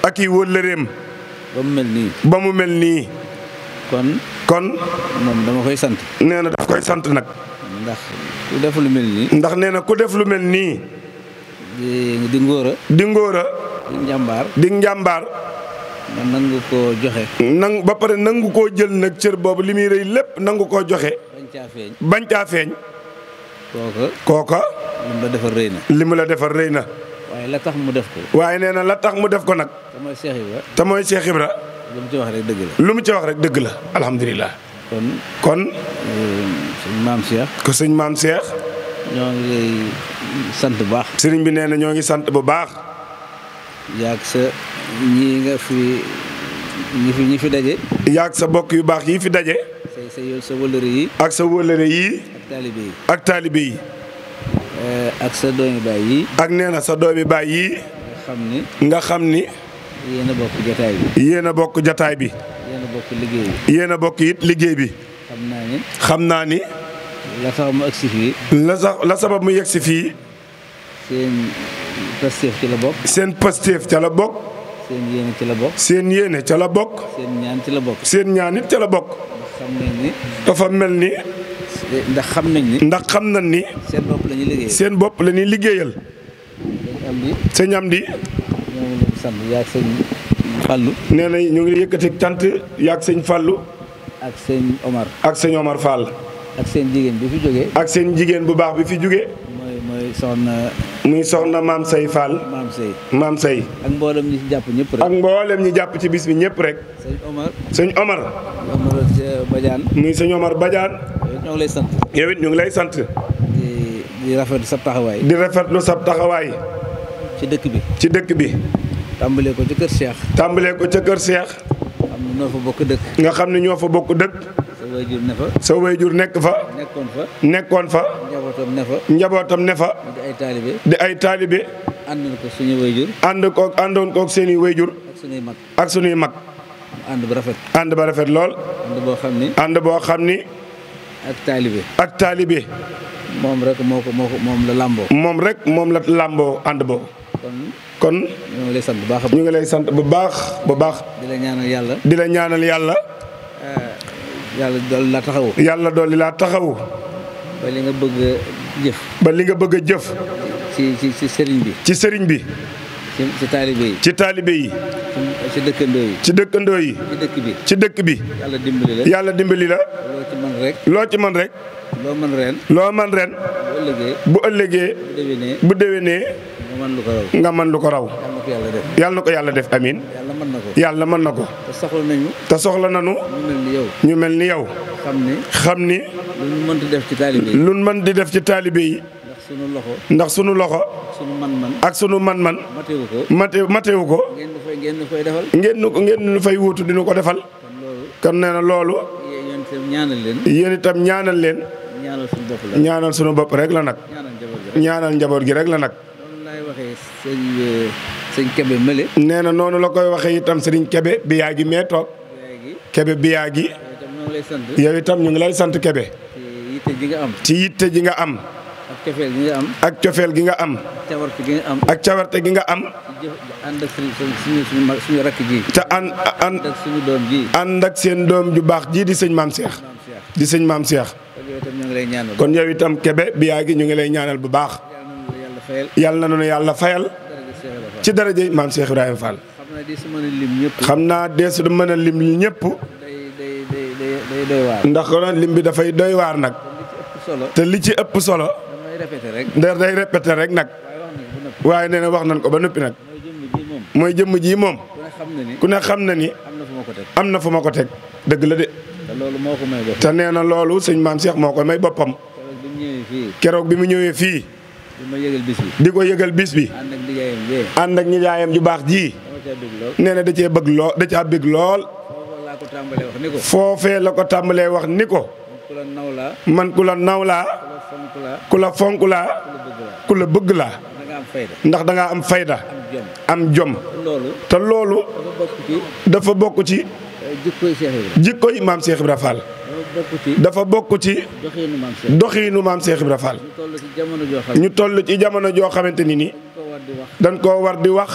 ak i wëllëreem. ba mu mel nii. ba mu mel nii. kon. kon. moom dama koy sant. nee na daf koy sant nag. ndax ku def lu mel nii. ndax nee na ku def lu mel nii. di di ngóora. di ngóora. di njàmbaar. nangu koo joxe. nangu ba pare nangu koo jël nag cër boobu li muy rëy lépp nangu koo joxe. bañ feeñ. bañ caa kooka. kooka. lim la defar rëy na. la defar rëy na. waaye la tax mu def ko. waaye nee na la tax mu def ko nag. te mooy Cheikh Ibra. te mooy Cheikh Ibra. lu mu ci wax rek dëgg la. lu mu ci wax rek dëgg la alhamdulilah. kon. kon. maam Cheikh. ko sëñ maam Cheikh. ñoo bu baax. sëriñ bi nee na ñoo ngi sant bu baax. yaag sa ñii nga fi ñi fi daje. yaag sa bokk yu baax yi fi daje. sa sa wëllëre yi. ak sa wëllëre yi. ak taalibe yi. ak taalibe eh, sa doomi baay ak nee na sa doomi baay yi. nga xam ni. nga xam ni. yéen a bokk jataay bi. yéen a bokk jataay bi. yéen bokk liggéey bi. bokk it liggéey bi. xam naa ni. xam naa ni. la sabab mu yegsi fii. la sabab mu yegsi fii. Pastef ci la bokk. seen Pastef ca la bokk. seen yéene ca la bokk. seen yéene ca la bokk. seen la bokk. seen ñaan it ca la bokk. xam dafa mel ni. ndax xam nañ ni. ndax xam nañ ni. seen bopp lañuy liggéeyal. seen bopp la ñuy liggéeyal. sëñ Amdi. sant yaag sëñ cant yaag sëñ Fallou. ak sëñ Omar. ak sëñ Omar Fall. ak seen jigéen bu baax bi fi jógee. muy soxna. muy soxna maam Sey Fall. maam Sey maam Sey. ak mboolem ñi jàpp ñëpp rek. ak mboolem ñi jàpp ci bis bi ñëpp rek. sëñ Omar. sëñ Omar. Omar Badiane. muy Omar Badiane. ñoo ngi lay sant. yow it ñu ngi lay sant. di rafet rafetlu sab taxawaay. di rafet lu sab taxawaay. ci dëkk bi. ci dëkk bi. tàmbalee ko ca kër Cheikh. tàmbalee ko ca kër Cheikh. am na ñoo fa bokk dëkk. nga xam ne ñoo fa bokk dëkk. wayjur ne fa. nekk fa. nekkoon fa. nekkoon fa. njabootam ne fa. njabootam ne fa. di ay taalibe. di ay taalibe. àndoon ko suñuy wayjur. ànd ko àndoon koog seen i wayjur. ak suñuy mag. ak suñuy mag. ànd ba rafet. ànd ba rafet lool. ànd boo xam ni. ànd boo xam ni. ak taalibe. ak taalibe. moom rek moo ko moom la làmboo. moom rek moom la làmboo ànd boobu. kon ñu ngi lay sant bu baax. ñu ngi lay sant bu baax bu baax. di la ñaanal yàlla. di la ñaanal yàlla. yàlla dolli laa taxawu. yàlla dolli laa taxawu. ba li nga bëgg jëf. ba li nga bëgg a jëf. ci ci ci sëriñ bi. ci sëriñ bi. ci ci taalibe yi. ci taalibe yi. ci dëkkandoo yi. ci dëkk bi. ci dëkk bi. yàlla dimbali la. yàlla dimbali la. loo ci man rek. loo ci mën rek. loo mën ren. bu ëllëgee. bu ëllëgee. nga mën lu ko raw. nga ko yàlla na ko yàlla def. amin mën na ko. yàlla mën na ko. te soxla nañu. te soxla nañu. ñu mel ni yow. ñu mel ni yow. xam ni. xam lu ñu di def ci taalibe yi. lu ñu di def ci taalibe yi. ndax sunu loxo. ndax sunu loxo. sunu man-man. ak sunu man-man. matewu ko. mate matewu ko. ngeen ñu fay ngeen ñu fay fay wuutu dinu ko defal. kon nee na loolu. yéen itam ñaanal leen. yéen ñaanal sunu bopp la bopp rek la nag. ñaanal njaboot gi rek la nag. sëñ Kebe Mële. nee na noonu la koy waxee itam sëriñ Kebe biyaa gi mee toog. Kebe biyaa gi. yow itam ñu ngi lay sant Kebe. ci yitte ji nga am. ci yitte ji nga am. ak cofeel gi nga am. ak cofeel gi nga am. ak cawarte gi nga am. ak cawarte gi nga am. ànd ak suñu suñu rakk ji. te ànd ànd ak suñu doom ji. ànd ak seen doom ju baax ji di sëñ maam Cheikh. di sëñ maam Cheikh. kon yow itam Kebe biyaa gi ñu ngi lay ñaanal bu baax. yàlla na nu yàlla fayal ci daraje maam Cheikh Ibrahima Fall xam naa dees du mën a lim ñëpp ndax ko lim bi dafay doy waar nag te li ci ëpp solo ndax day répété rek nag waaye nee na wax nañ ko ba noppi nag mooy jëmm ji moom ku ne xam na ni am na fu ma ko teg dëgg la de te nee na loolu sëñ maam Cheikh moo ko may boppam keroog bi mu ñëwee fii di ma bi. di ko yëgal bis bi. ànd ak nijaayam ju baax ji. nee na da cee bëgg lool da caa bëgg lool. foofee la ko tàmbalee wax ni ko. man ku la naw laa. ku la fonk laa. ku la bëgg laa. ndax da am fayda. am jom. te loolu. dafa bokk ci. jikkoy maam Cheikh Ibra Fall. dafa bokk ci doxiinu maam Cheikh Ibra Fall ñu toll ci jamono joo xamante ni ni dañ koo war di wax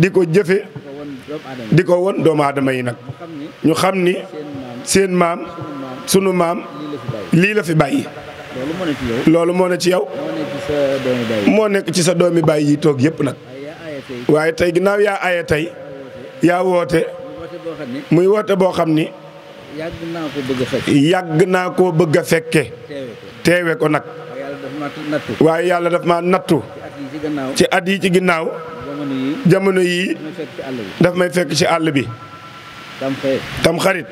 di ko jëfe di ko won doomu aadama yi nag ñu xam ni seen maam sunu maam lii la fi bàyyi loolu moo ne ci yow moo nekk ci sa doomi bàyyi yi toog yépp nag waaye tey ginnaaw yaa aya tey yaa woote muy woote boo xam ni yàgg naa ko bëgg a fekke. yàgg naa ko bëgg a fekke. teewe ko nag. waaye yàlla daf ma nattu. ci at yi ci ginnaaw. jamono yii. daf may fekk ci àll bi. tam xarit.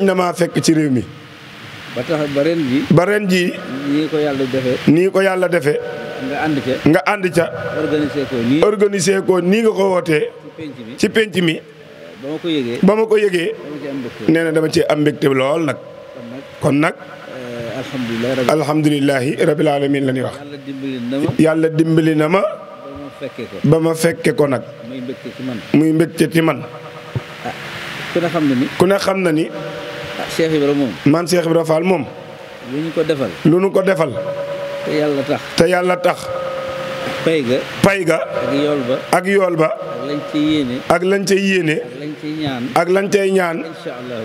na ma fekk ci réew mi. ba tax ba ren jii. nii ko yàlla defee. nii yàlla defee. nga ànd ca. nga ànd ca. ko nii. nga ko wootee. ci penc mi. ba ma ko yëgee. ma ko yëgee. nee na dama cee am mbégte lool nag. kon nag. Eh, alhamdulilahi rabil alamin la ñuy wax. yàlla dimbali na ma. yàlla dimbali na ma. ba ma fekke ko nag. muy mbégte ci man. muy mbégte ci ah, ku ne xam na ni. ku ne xam na ni. Ah, moom. lu ñu ko defal. lu ñu ko defal. te yàlla tax. te yàlla tax. pay ga. pay ga. ak yool ba. ak lañ ci yéene. ak lañ ca yéene. ak lan tey ñaan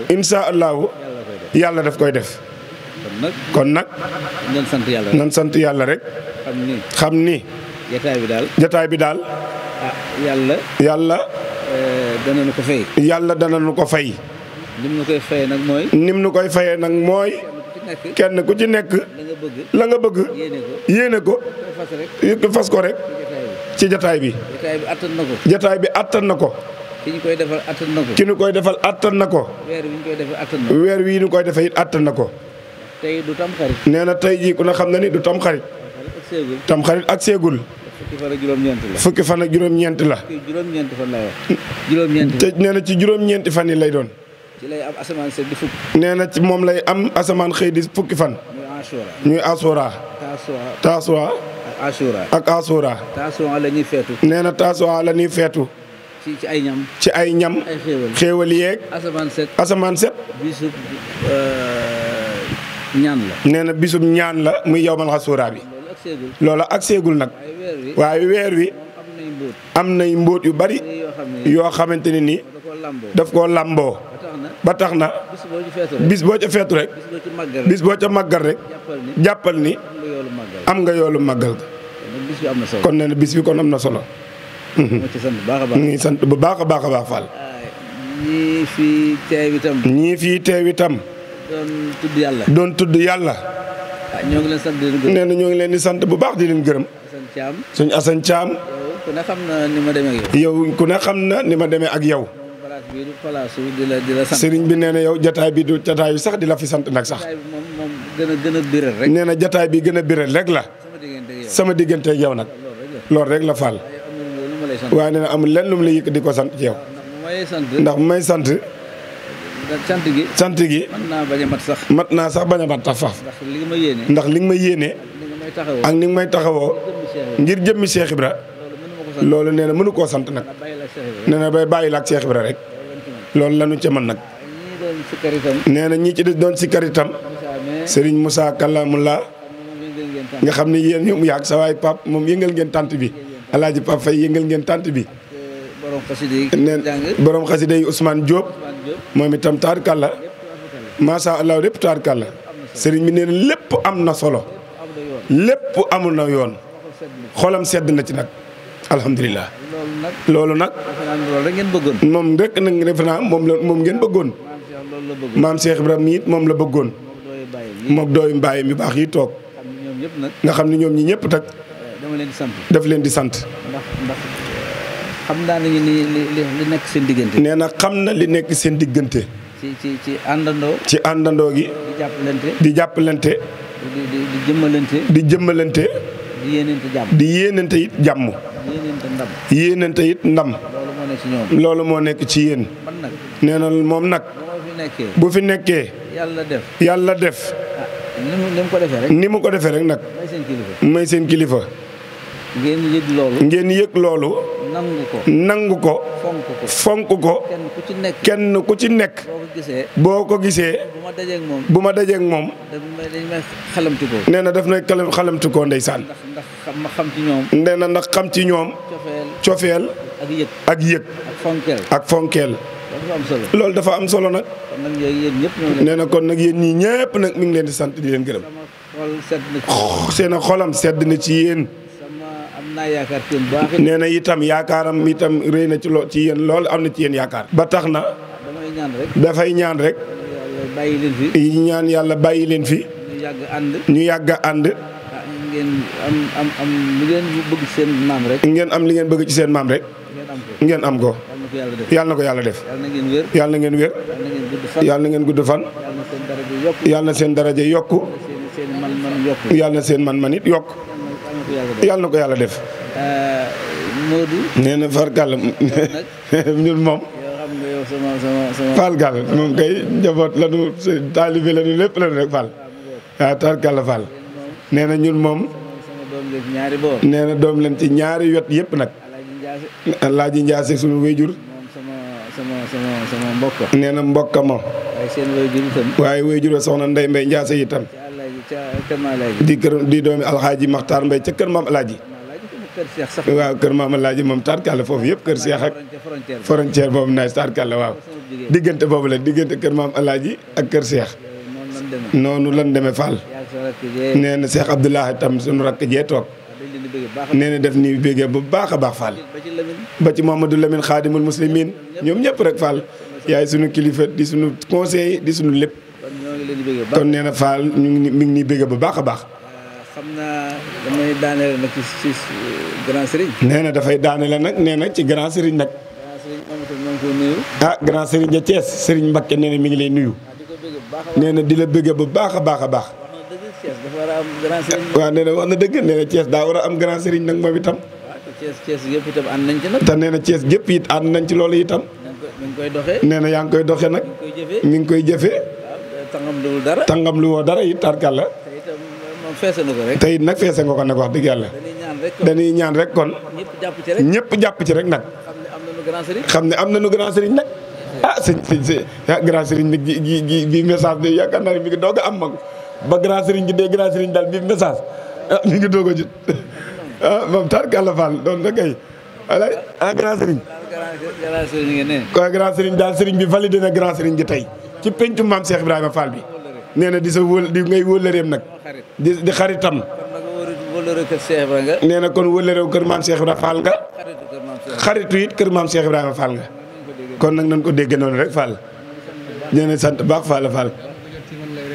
insha allahu yàlla daf koy def kon nag nan sant yàlla rek xam ni jataay bi daal jataay bi daal ah, yàlla yàlla eh, dana nu ko fay yàlla dana ko fay nim nu koy fayee nag mooy nim koy fayee nag mooy kenn ku ci nekk la nga bëgg yéene ko fas ko rek ci jataay bi jataay bi attan na ko jataay bi attan na ko ki ñu koy defal attan na ko. ki ñu koy defal attan na ko. weer wi ñu koy defee attan na weer wi ñu koy defal it attan na ko. tey du tam xarit. na tey jii ku ne xam na ni du tamxarit xarit. tam xarit ak seegul. fukki fan ak juróom-ñeent la. fukki fan ak juróom-ñeent la. juróom-ñeenti fan laa wax. juróom-ñeenti ci juróom-ñeenti fan yi lay doon. ci am asamaan seet di nee na ci moom lay am asamaan xëy di fukki fan. ñuy asura. taasura. ak asura. ak asura. taasura la ñuy feetu. nee na taasura la ñuy feetu. ci ay ñam. ci ay ñam. ay xéewal xéewal yeeg. asamaan set asamaan set. bisub euh, ñaan la. nee na bisub ñaan la muy yowmal xasuuraa bi. loola ak seegul nag. waaye weer wi. am nay mbóot yu bari yoo xamante ne nii daf koo làmboo ba tax na bis boo ca feetu rek bis boo ca màggal rek jàppal ni am nga yoolu màggal kon nee na bis bi kon am na solo moo ci sant bu baax a baax. ñuy sant bu baax a baax a ñii fii teew itam. ñii fii teew itam. doon tudd yàlla. doon tudd yàlla. ñoo ngi leen sant di leen gërëm. nee na ñoo ngi leen di sant bu baax di leen gërëm. Assane Thiam suñu Assane Thiam. yow ku ne xam na ni ma demee ak yow. yow ku ne xam na ni ma demee ak yow. sëriñ bi nee na yow jataay bi du jataay sax di la fi sant nag sax. nee na jataay bi gën a biral rek la. sama diggante ak yow nag. loolu rek la Fall. lay sant waaye nee na amul lenn mu lay yëkk di ko sant ci yow. ndax bu may sant. sant gi. sant gi. mat naa bañ sax. mat naa sax bañ a mat ndax li nga ma ndax li nga ma yéene. ak ni nga may taxawoo. ngir jëmmi Cheikh ra loolu nee na mënu koo sant nag. nee na bay bàyyi la ak Cheikh Ibra rek. loolu lanu ca man nag. nee na ñii ci di doon sikkar itam. Serigne Moussa Kallaamullah nga xam ne yéen ñoom yaag sa waay pap moom yëngal ngeen tànt bi. alaaji fa Fay yëngal ngeen tànt bi borom xasida yi neen borom xasida yi Ousmane Diop moom itam taar kàlla macha allah lépp taar kàlla sëriñ bi nee lépp am na solo lépp amul na yoon xolam sedd na ci nag alhamdulilah. loolu nag moom rek nag defe naa moom la moom ngeen bëggoon maam Cheikh Ibrahima it moom la bëggoon moom dooyu mbaay mi baax yi toog nga xam ne ñoom ñi ñëpp tak dama leen di sant. daf leen di sant. xam naa ne li li nekk seen diggante. nee na xam na li nekk seen diggante. ci ci ci àndandoo. gi. di jàppalante. di jàppalante. di di jëmmalante. di jëmmalante. di yéenante jàmm. di yéenante it jàmm. ndam. loolu moo nekk ci ñoom. loolu yéen. man nag. nee na moom nag. bu fi nekkee. yàlla def. yàlla def. Ah, ni mu ko defee rek. ni mu ko defee rek nag. may seen kilifa. ngeen yëg loolu. ngeen yëg loolu. nangu ko nangu ko. fonk ko fonk kenn ku ci nekk kenn boo ko gisee bu ma dajeeg moom bu ma dajeeg moom. dañ may xalamti ko. nee na daf xalamti ko ndeysaan. ndax ndax xam xam ci ñoom. ndax xam ci ñoom. cofeel ak yëg ak yëg. ak fonkeel ak fonkeel. loolu dafa am solo nag. nee na kon nag yéen ñii ñëpp nag mi ngi leen di sant di leen gërëm. Oh, seen xolam sedd na ci yéen. nee na itam yaakaaram itam rëy na ci loo ci yéen lool am na ci yéen yaakaar. ba tax na. dafay ñaan rek. bàyyi leen ñaan yàlla bàyyi leen fi. ñu yàgg ànd. ñu yàgg ànd. ngeen am am am li ngeen bëgg seen maam rek. ngeen am li ngeen bëgg ci seen maam rek. ngeen am ko. yàlla na ko yàlla def. yàlla ngeen wér. yàlla na ngeen wér. yàlla gudd fan. yàlla seen daraja yokk yàlla na seen man-man it yokk yàlla na ko yàlla def. Euh, Modou. nee *laughs* ñun moom. Fall moom kay njaboot la nu taalibe la nu lépp la nu rek Fall waaw tarkalla Fall na ñun moom nee doom leen ci ñaari wet yëpp nag Alaaji Njaase sunu wéjur nee na mbokka moom waaye wéjur a soxna Ndey Mbay Njaase itam ca kër maam Alaaji di kër di doomi Alxaaji Maxtaar Mbay ca kër maam Alaaji waaw kër maam Alaaji moom tarkalla foofu yëpp kër Seex ak frontière boobu naaj tarkalla waaw diggante boobu la diggante kër maam Alaaji ak kër Seex noonu lan demee Fall nee na Seex Abdoulahi tam suñu rakk jee toog nee na def ni bégee bu baax a baax Fall ba ci Mouhamadou Lamine Xaadimul Muslimin ñoom ñëpp rek Fall yaay sunu kilifa di sunu conseil di sunu lépp kon nee na Fall ñu ngi mi ngi ñuy bëgg bu baax a baax. Euh, xam naa damay daaneel nag ci grand Serigne. nee na dafay daaneel nag nee na ci grand Serigne nag. grand Serigne Amadou maa ngi koy nuyu. ah mi ngi lay nuyu. Ah, nee na di la bëgg bu baax a baax a baax. waaw nee na wax na dëgg nee na daa war a am grand sëriñ nag moom itam. Ah, Thiès Thiès yëpp itam ànd nañ ci nag. te nee na Thiès yëpp it ànd nañ ci loolu itam. nee na yaa ngi koy doxe nag. mu ngi koy jëfee. tàngam liwul dara. tàngam liwoo dara it tarkal la. te itam moom feese na ko nag feese nga ko nag wax dëgg yàlla. dañuy ñaan rek kon jàpp ci ñëpp jàpp ci rek nag. xam ne am nañu grand sëriñ nag. ah sëñ sëñ sëñ ah grand sëriñ nag gi gi gi bii message bi yaakaar naa ne mi ngi doog a am mag ba grand sëriñ gi dee grand sëriñ daal bii message ah mi ngi doog a jot ah moom tarkalla Fall doon na kay. voilà ah grand sëriñ. grand grand sëriñ daal sëriñ bi validé na grand sëriñ gi tey. ci pencu maam Cheikh Ibrahima Fall bi nee na di sa wël di ngay wëllëreem nag di di xaritam nee na kon wëllërew kër maam Cheikh Ibrahima Fall nga xaritu it kër maam Cheikh Ibrahima Fall nga kon nag nañ ko dégg noonu rek Fall nee sant baax Fall Fall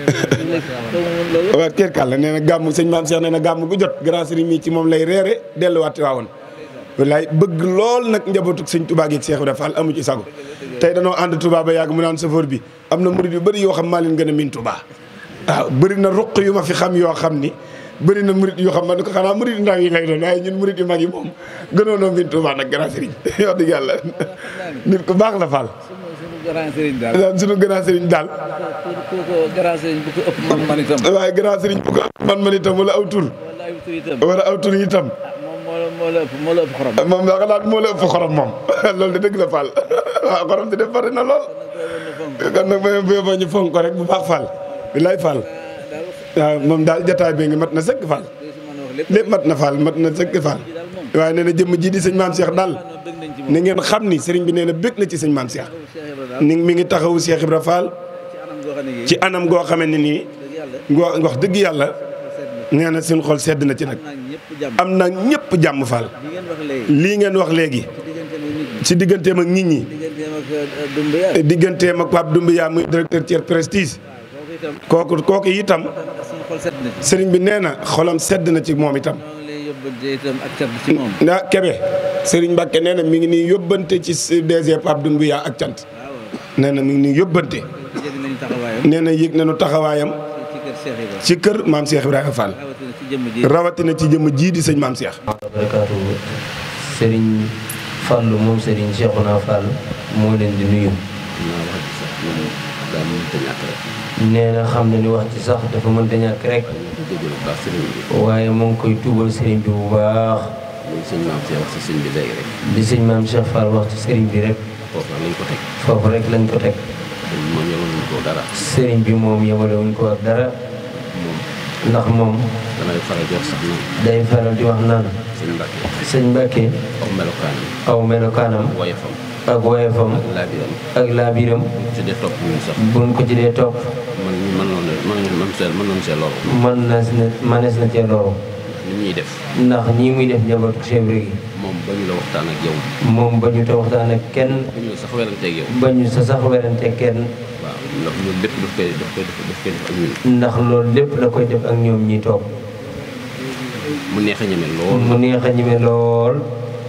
*laughs* waaw kër Kalla nee gàmmu gàmm sëñ maam Cheikh nee na gàmm gu jot grand sëriñ mi ci moom lay reere delluwaat waawoon wallaay bëgg lool nag njabootu sëñ Tuubaa yi Cheikh Ibrahima Fall amu ci sago tey danoo ànd Touba ba yàgg mu naan bi am na murid yu bëri yoo xam maa gën a miin Touba waaw bëri na ruq yu ma fi xam yoo xam ni bëri na murid yoo xam man ko xanaa murid ndaw yi lay doon waaye ñun murid yu mag yi moom gënoonoo miin Touba nag grand sëriñ wax *laughs* dëgg yàlla nit ku baax la Fall grand sëriñ daal sunu grand sëriñ daal. kooku grand sëriñ bu ko ëpp man man itam. waaye grand sëriñ bu ko ëpp man man itam wala aw tur. wala aw tur itam. moo moo la ëpp xorom. moom daa ko moo la ëpp xorom moom *laughs* loolu de dëgg la Fall *laughs* waaw xorom di def bari na lool. kon nag ba ñu fonk rek bu baax Fall. bilaay Fall waaw moom daal jataay bi ngi mat na sëkk Fall. lépp mat na Fall mat na sëkk Fall. waaye nee na jëmm ji di sëñ maam Cheikh daal na ngeen xam ni sëriñ bi nee na bëgg na ci sëñ maam Cheikh. ni mi ngi taxawu Cheikh Ibra Fall ci anam goo xam ni nii. wax dëgg yàlla. nee na seen xol sedd na ci nag am na ñëpp jàmm faal lii ngeen wax léegi ci digganteem ak nit ñi digganteem ak Pape Doumbia muy directeur Thiès Prestige kooku kooku itam sëriñ bi nee na xolam sedd na ci moom itam nda kebe sëriñ Mbàkke nee na mi ngi nii yóbbante ci DG Pape Doumbia ak cant nee na mi ngi nii yóbbante nee na yëg nañu taxawaayam ci kër maam Cheikh Ibrahima Fall. rawatina ci jëmm ji di sëñ maam Cheikh. Serigne Fallou moom Serigne Cheikhouna Fall moo leen di nuyu. xam na ni wax sax dafa mënta ñàkk rek. waaye mu ngi koy tuubal sëriñ bi di sëñ maam Cheikh Fall wax ci sëriñ bi rek. foofu rek lañ ko teg. sëriñ bi moom yemalewuñ ko ak dara. ndax moom damay faral di wax sax day faral di wax naan sëñ Mbàkke sëñ Mbàkke aw melokaanam aw melokaanam woyefam ak woyefam ak laabiram ak laabiram buñ ko ci dee topp ñun ko ci dee topp man man man mën nañ see loolu mën na manees na cee loolu ni ñuy def ndax ñii muy def njabootu chèvre yi moom ba ñu la waxtaan moom ba ñu te waxtaan ak kenn ba ñu sax ba ñu sa sax werante kenn ndax loolu lépp daf koy def ak ñun. lépp da koy def ak ñoom ñi toog. mu neex a ñeme lool. mu neex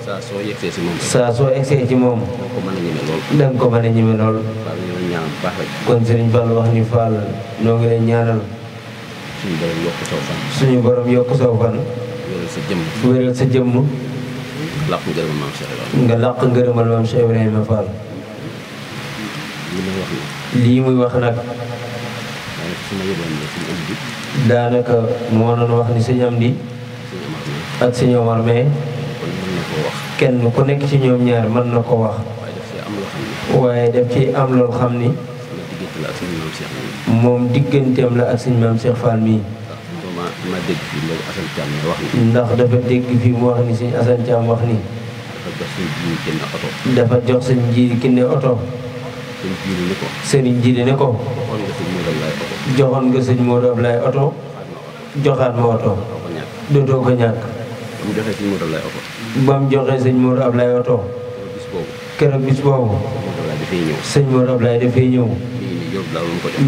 saa soo yegsee ci moom. saa soo yegsee ci ko mën a ñeme lool. da nga ko mën ñu ngi ñaanal bu baax rek. kon Serigne Fall wax ni Fall noo ngi lay ñaanal. suñu borom yokk saw fan. wéral sa jëmm. nga làq ngërëmal maam Cheikh Ibrahima. lii muy wax nag daanaka moo doon wax ni sëñ Amdi ak sëñ Omar mais kenn ku nekk ci ñoom ñaar mën na ko wax waaye def ci am loolu xam ni moom digganteem la ak sëñ maam Cheikh Fall mii ndax dafa dégg fii mu wax ni sëñ Assane Thiam wax ni dafa jox sëñ ji kenn oto sëñ jiili ni ko. sëriñ joxoon nga sëñ Modou Ablaye oto. joxaat ma oto. dootoo ko ñàkk. ba mu joxee sëñ Modou Ablaye oto. keroog bis boobu. sëñ Modou Ablaye dafay ñëw.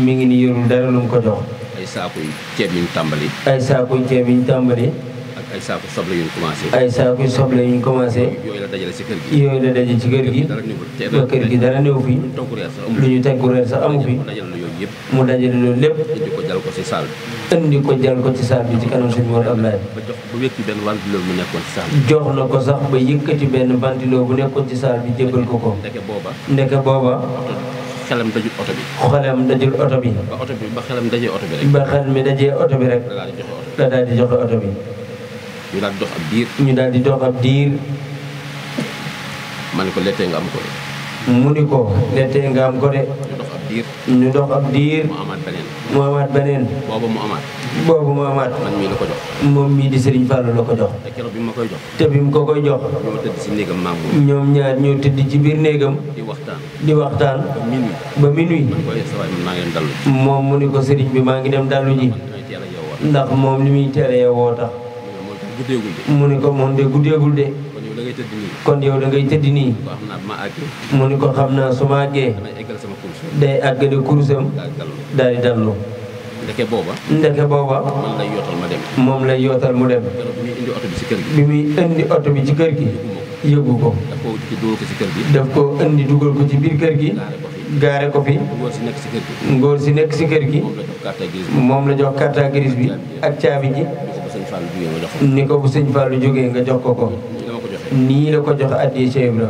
mi ngi ni yorul dara lu mu ko jox. ay saako ceeb yi ñu tàmbali. ay saako yu ceeb yi ñu tàmbali. ay saako soble yu ñu ay saako soble yu ñu commencé. yooyu la dajale ci kër gi. yooyu la dajale ci kër gi. ba kër gi dara néew fi. lu ñu tënku reer sax amu bi mu dajale loolu lépp. indi ko jal ko ci saal bi. indi ko jal ko ci saal bi ci kanam suñu woon Ablaye. ba jox ba wékki benn ventilo bu na ko sax ba yëkkati benn ventilo bu nekkoon ci saal bi jébbal ko ko. ndeke booba. ndeke booba. xelam dajul oto bi. xelam dajul oto bi. ba oto bi ba xelam dajee oto bi rek. ba xel mi oto bi rek. la daal di joxe oto bi. ñu daal di dox ab diir. ñu daal di dox ab diir. ko lettee nga mu ni ko lettee nga am ko de. ñu dox ab diir. ñu dox ab diir. mu amaat beneen. mu boobu mu amaat. ko jox. moom mii di Serigne Fallou la ko jox. te keroog bi ma mu ko koy jox. ñoo tëdd ci néegam maam ñoom ñaar ñoo tëdd ci biir néegam. di waxtaan. di waxtaan. ba minuit. ba eh, moom mu ni ko Serigne bi maa ngi dem dallu ndax moom li muy teel a yeewoo tax. guddeegul de. mu ni ko moom de guddeegul de. kon yow da ngay tëdd nii. kon yow da ngay tëdd nii. mu ni ko xam naa su ma àggee. day àggale kurusam. daal di dallu. ndeke booba. ndeke booba. man lay yootal ma dem. moom lay yootal mu dem. bi muy indi oto bi ci kër gi. bi ci kër gi. yëgu ko. daf koo ko gi. daf koo indi dugal ko ci biir kër gi. gaare ko fi. ngóor si nekk si kër gi. si nekk si kër gi. moom la jox carte grise bi. ak caabi ji. ni ko bu sëñ Fallou jógee nga jox ko ko. nii la ko jox addi Cheikh Ibra.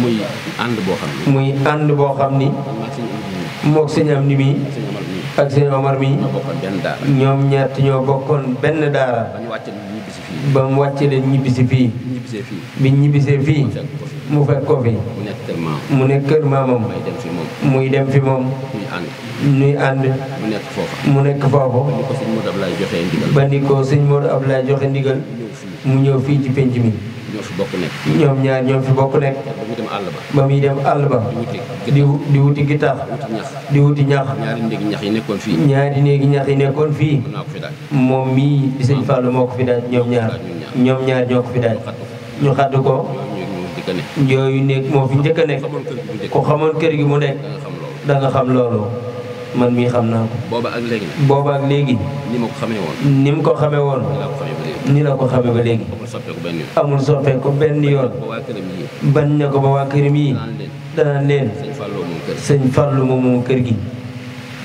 muy ànd boo xam ni. muy ànd boo xam ni. moog sëñ am ni mi ak sëñ Omar mi ñoom ñett ñoo bokkoon benn daara. ñibbisi ba mu wàccee leen ñibbisi fii. ñibbisee fii. bi ñibbisee fii. mu fekk ko fi. mu nekk kër mu nekk kër maamam. muy dem fi moom. muy dem fi moom. ànd. mu nekk foofa. mu nekk foofa. ba ni ko sëñ Modou Ablaye joxe ndigal. ba ni mu ñëw fii ci penc mi. ñoo fi bokk nekk. ñoom ñaar ñoo fi bokk nekk. ba muy dem àll ba. di wuti di di wuti ñax. ñaari néegi ñax yi nekkoon fii. ñaari néegi ñax yi nekkoon fii. moom mii di sëñ Fallou moo fi daaj ñoom ñaar. ñoom ñaar ñoo ko fi daaj. ñu xàdd ko. yooyu nekk moo fi njëkk a nekk. ku xamoon kër gi mu nekk. da nga xam loolu. man mii xam naa ko. booba ak léegi. booba léegi. ni ma ko xamee woon. ni mu ko xamee woon. ni la ko xamee ba léegi. amul soppeeku benn yoon. amul benn yoon. bañ ne ko ba waa këram mii danaan leen. sëñ Fallou moomu kër gi.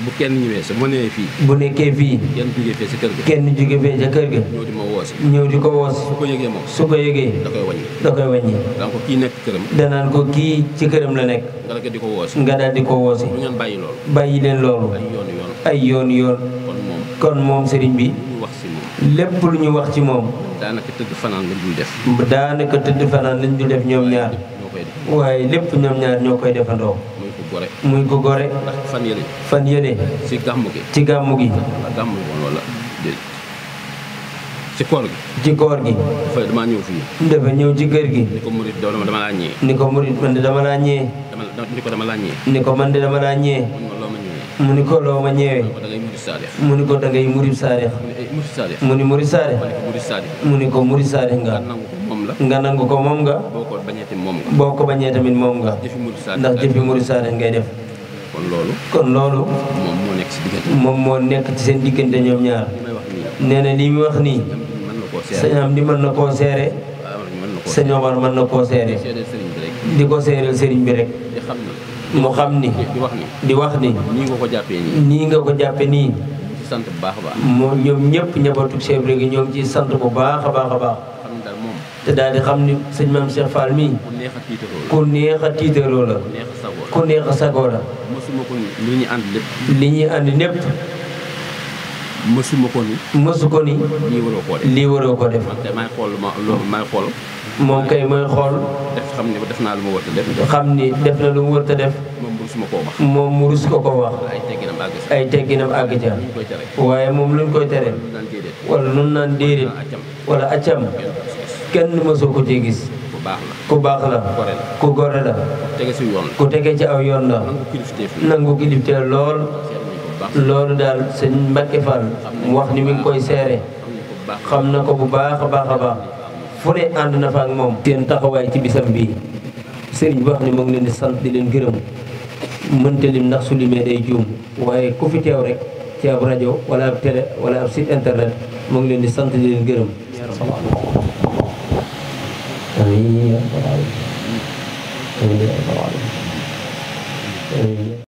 bu kenn ñëwee sa bu nee fii. bu nekkee fii. kenn jógee fee sa kër ga. kenn jógee fee sa kër ga. ñëw di ma woosi. ñëw di ko woosi. su ko yëgee su ko yëgee. da koy wàññi. da koy wàññi. daan ko kii nekk këram. ci këram la nekk. nga daal di ko woosi. nga daal di ko woosi. bu ngeen bàyyi bàyyi leen loolu. ay yoon yoon. ay yoon yoon. kon moom kon moom sëriñ bi. lépp lu ñu wax ci moom. daanaka tëdd fanaan lañ dul def. daanaka tëdd fanaan lañ dul def ñoom ñaar. waaye lépp ñoom ñaar ñoo koy defandoo. gore muy ko gore ndax fan yële fan yële ci gàmmu gi ci gàmmu gi ah, gàmmu gi ci koor gi ci koor gi dafa damaa ñëw ci kër gi ni ko murit dama laa ñee ni ko murit man de dama laa ñee ni ko dama ni ko man de dama laa ñee mu ni ko loo ma ñëwee mu ni ko da ngay murit eh, mu ni murit saarix mu ni murit saarix mu ni ko murit saarix nga moom la. nga nangu ko moom nga. boo ko bañee tamit moom nga. boo ko bañee tamit moom nga. ndax jëfi murid saade ngay def. kon loolu. kon moom moo nekk ci diggante. moom moo nekk ci seen diggante ñoom ñaar. nee na li muy wax nii. sëñ am di mën na koo seere. sëñ Omar mën na koo seere. di ko seereel sëriñ bi rek. mu xam ni. di wax di wax ni. nii nga ko jàppee nii. nga ko jàppee nii. sant baax a baax. moom ñoom ñëpp ñabatu chèvre gi ñoo ngi sant bu baax a baax a baax. te daal di xam ni sëñ maam Cheikh Fall mii. ku neex a tiitaroo la. ku neex sagoo la. li ñuy ànd lépp. li ñuy ànd lépp. mësuma ko ni. mësu ma xool. moom kay mooy xool. def xam ne def naa lu ma war def. xam ni def na lu mu war def. moom mu rus ma koo wax. moom mu ko koo wax. ay tegginam àgg ca. waaye moom luñ koy tere. wala nun naan déedéet. wala accam. kenn mësoo ko cee gis. ku baax la ku baax la ku gore la ku tege ci yoon ku tege ci aw yoon la. nangu kilifteef lool. loolu daal sëñ Mbacke Fall mu wax ni mi ngi koy seere xam na ko bu baax a baax a baax fu ne ànd na moom. seen taxawaay ci bisam bii sëriñ bi wax ni mu ngi leen di sant di leen gërëm mënta lim ndax su limee day juum waaye ku fi teew rek ci ab rajo wala ab télé wala ab site internet mu ngi leen di sant di leen gërëm. آمين يا رب العالمين آمين يا رب العالمين آمين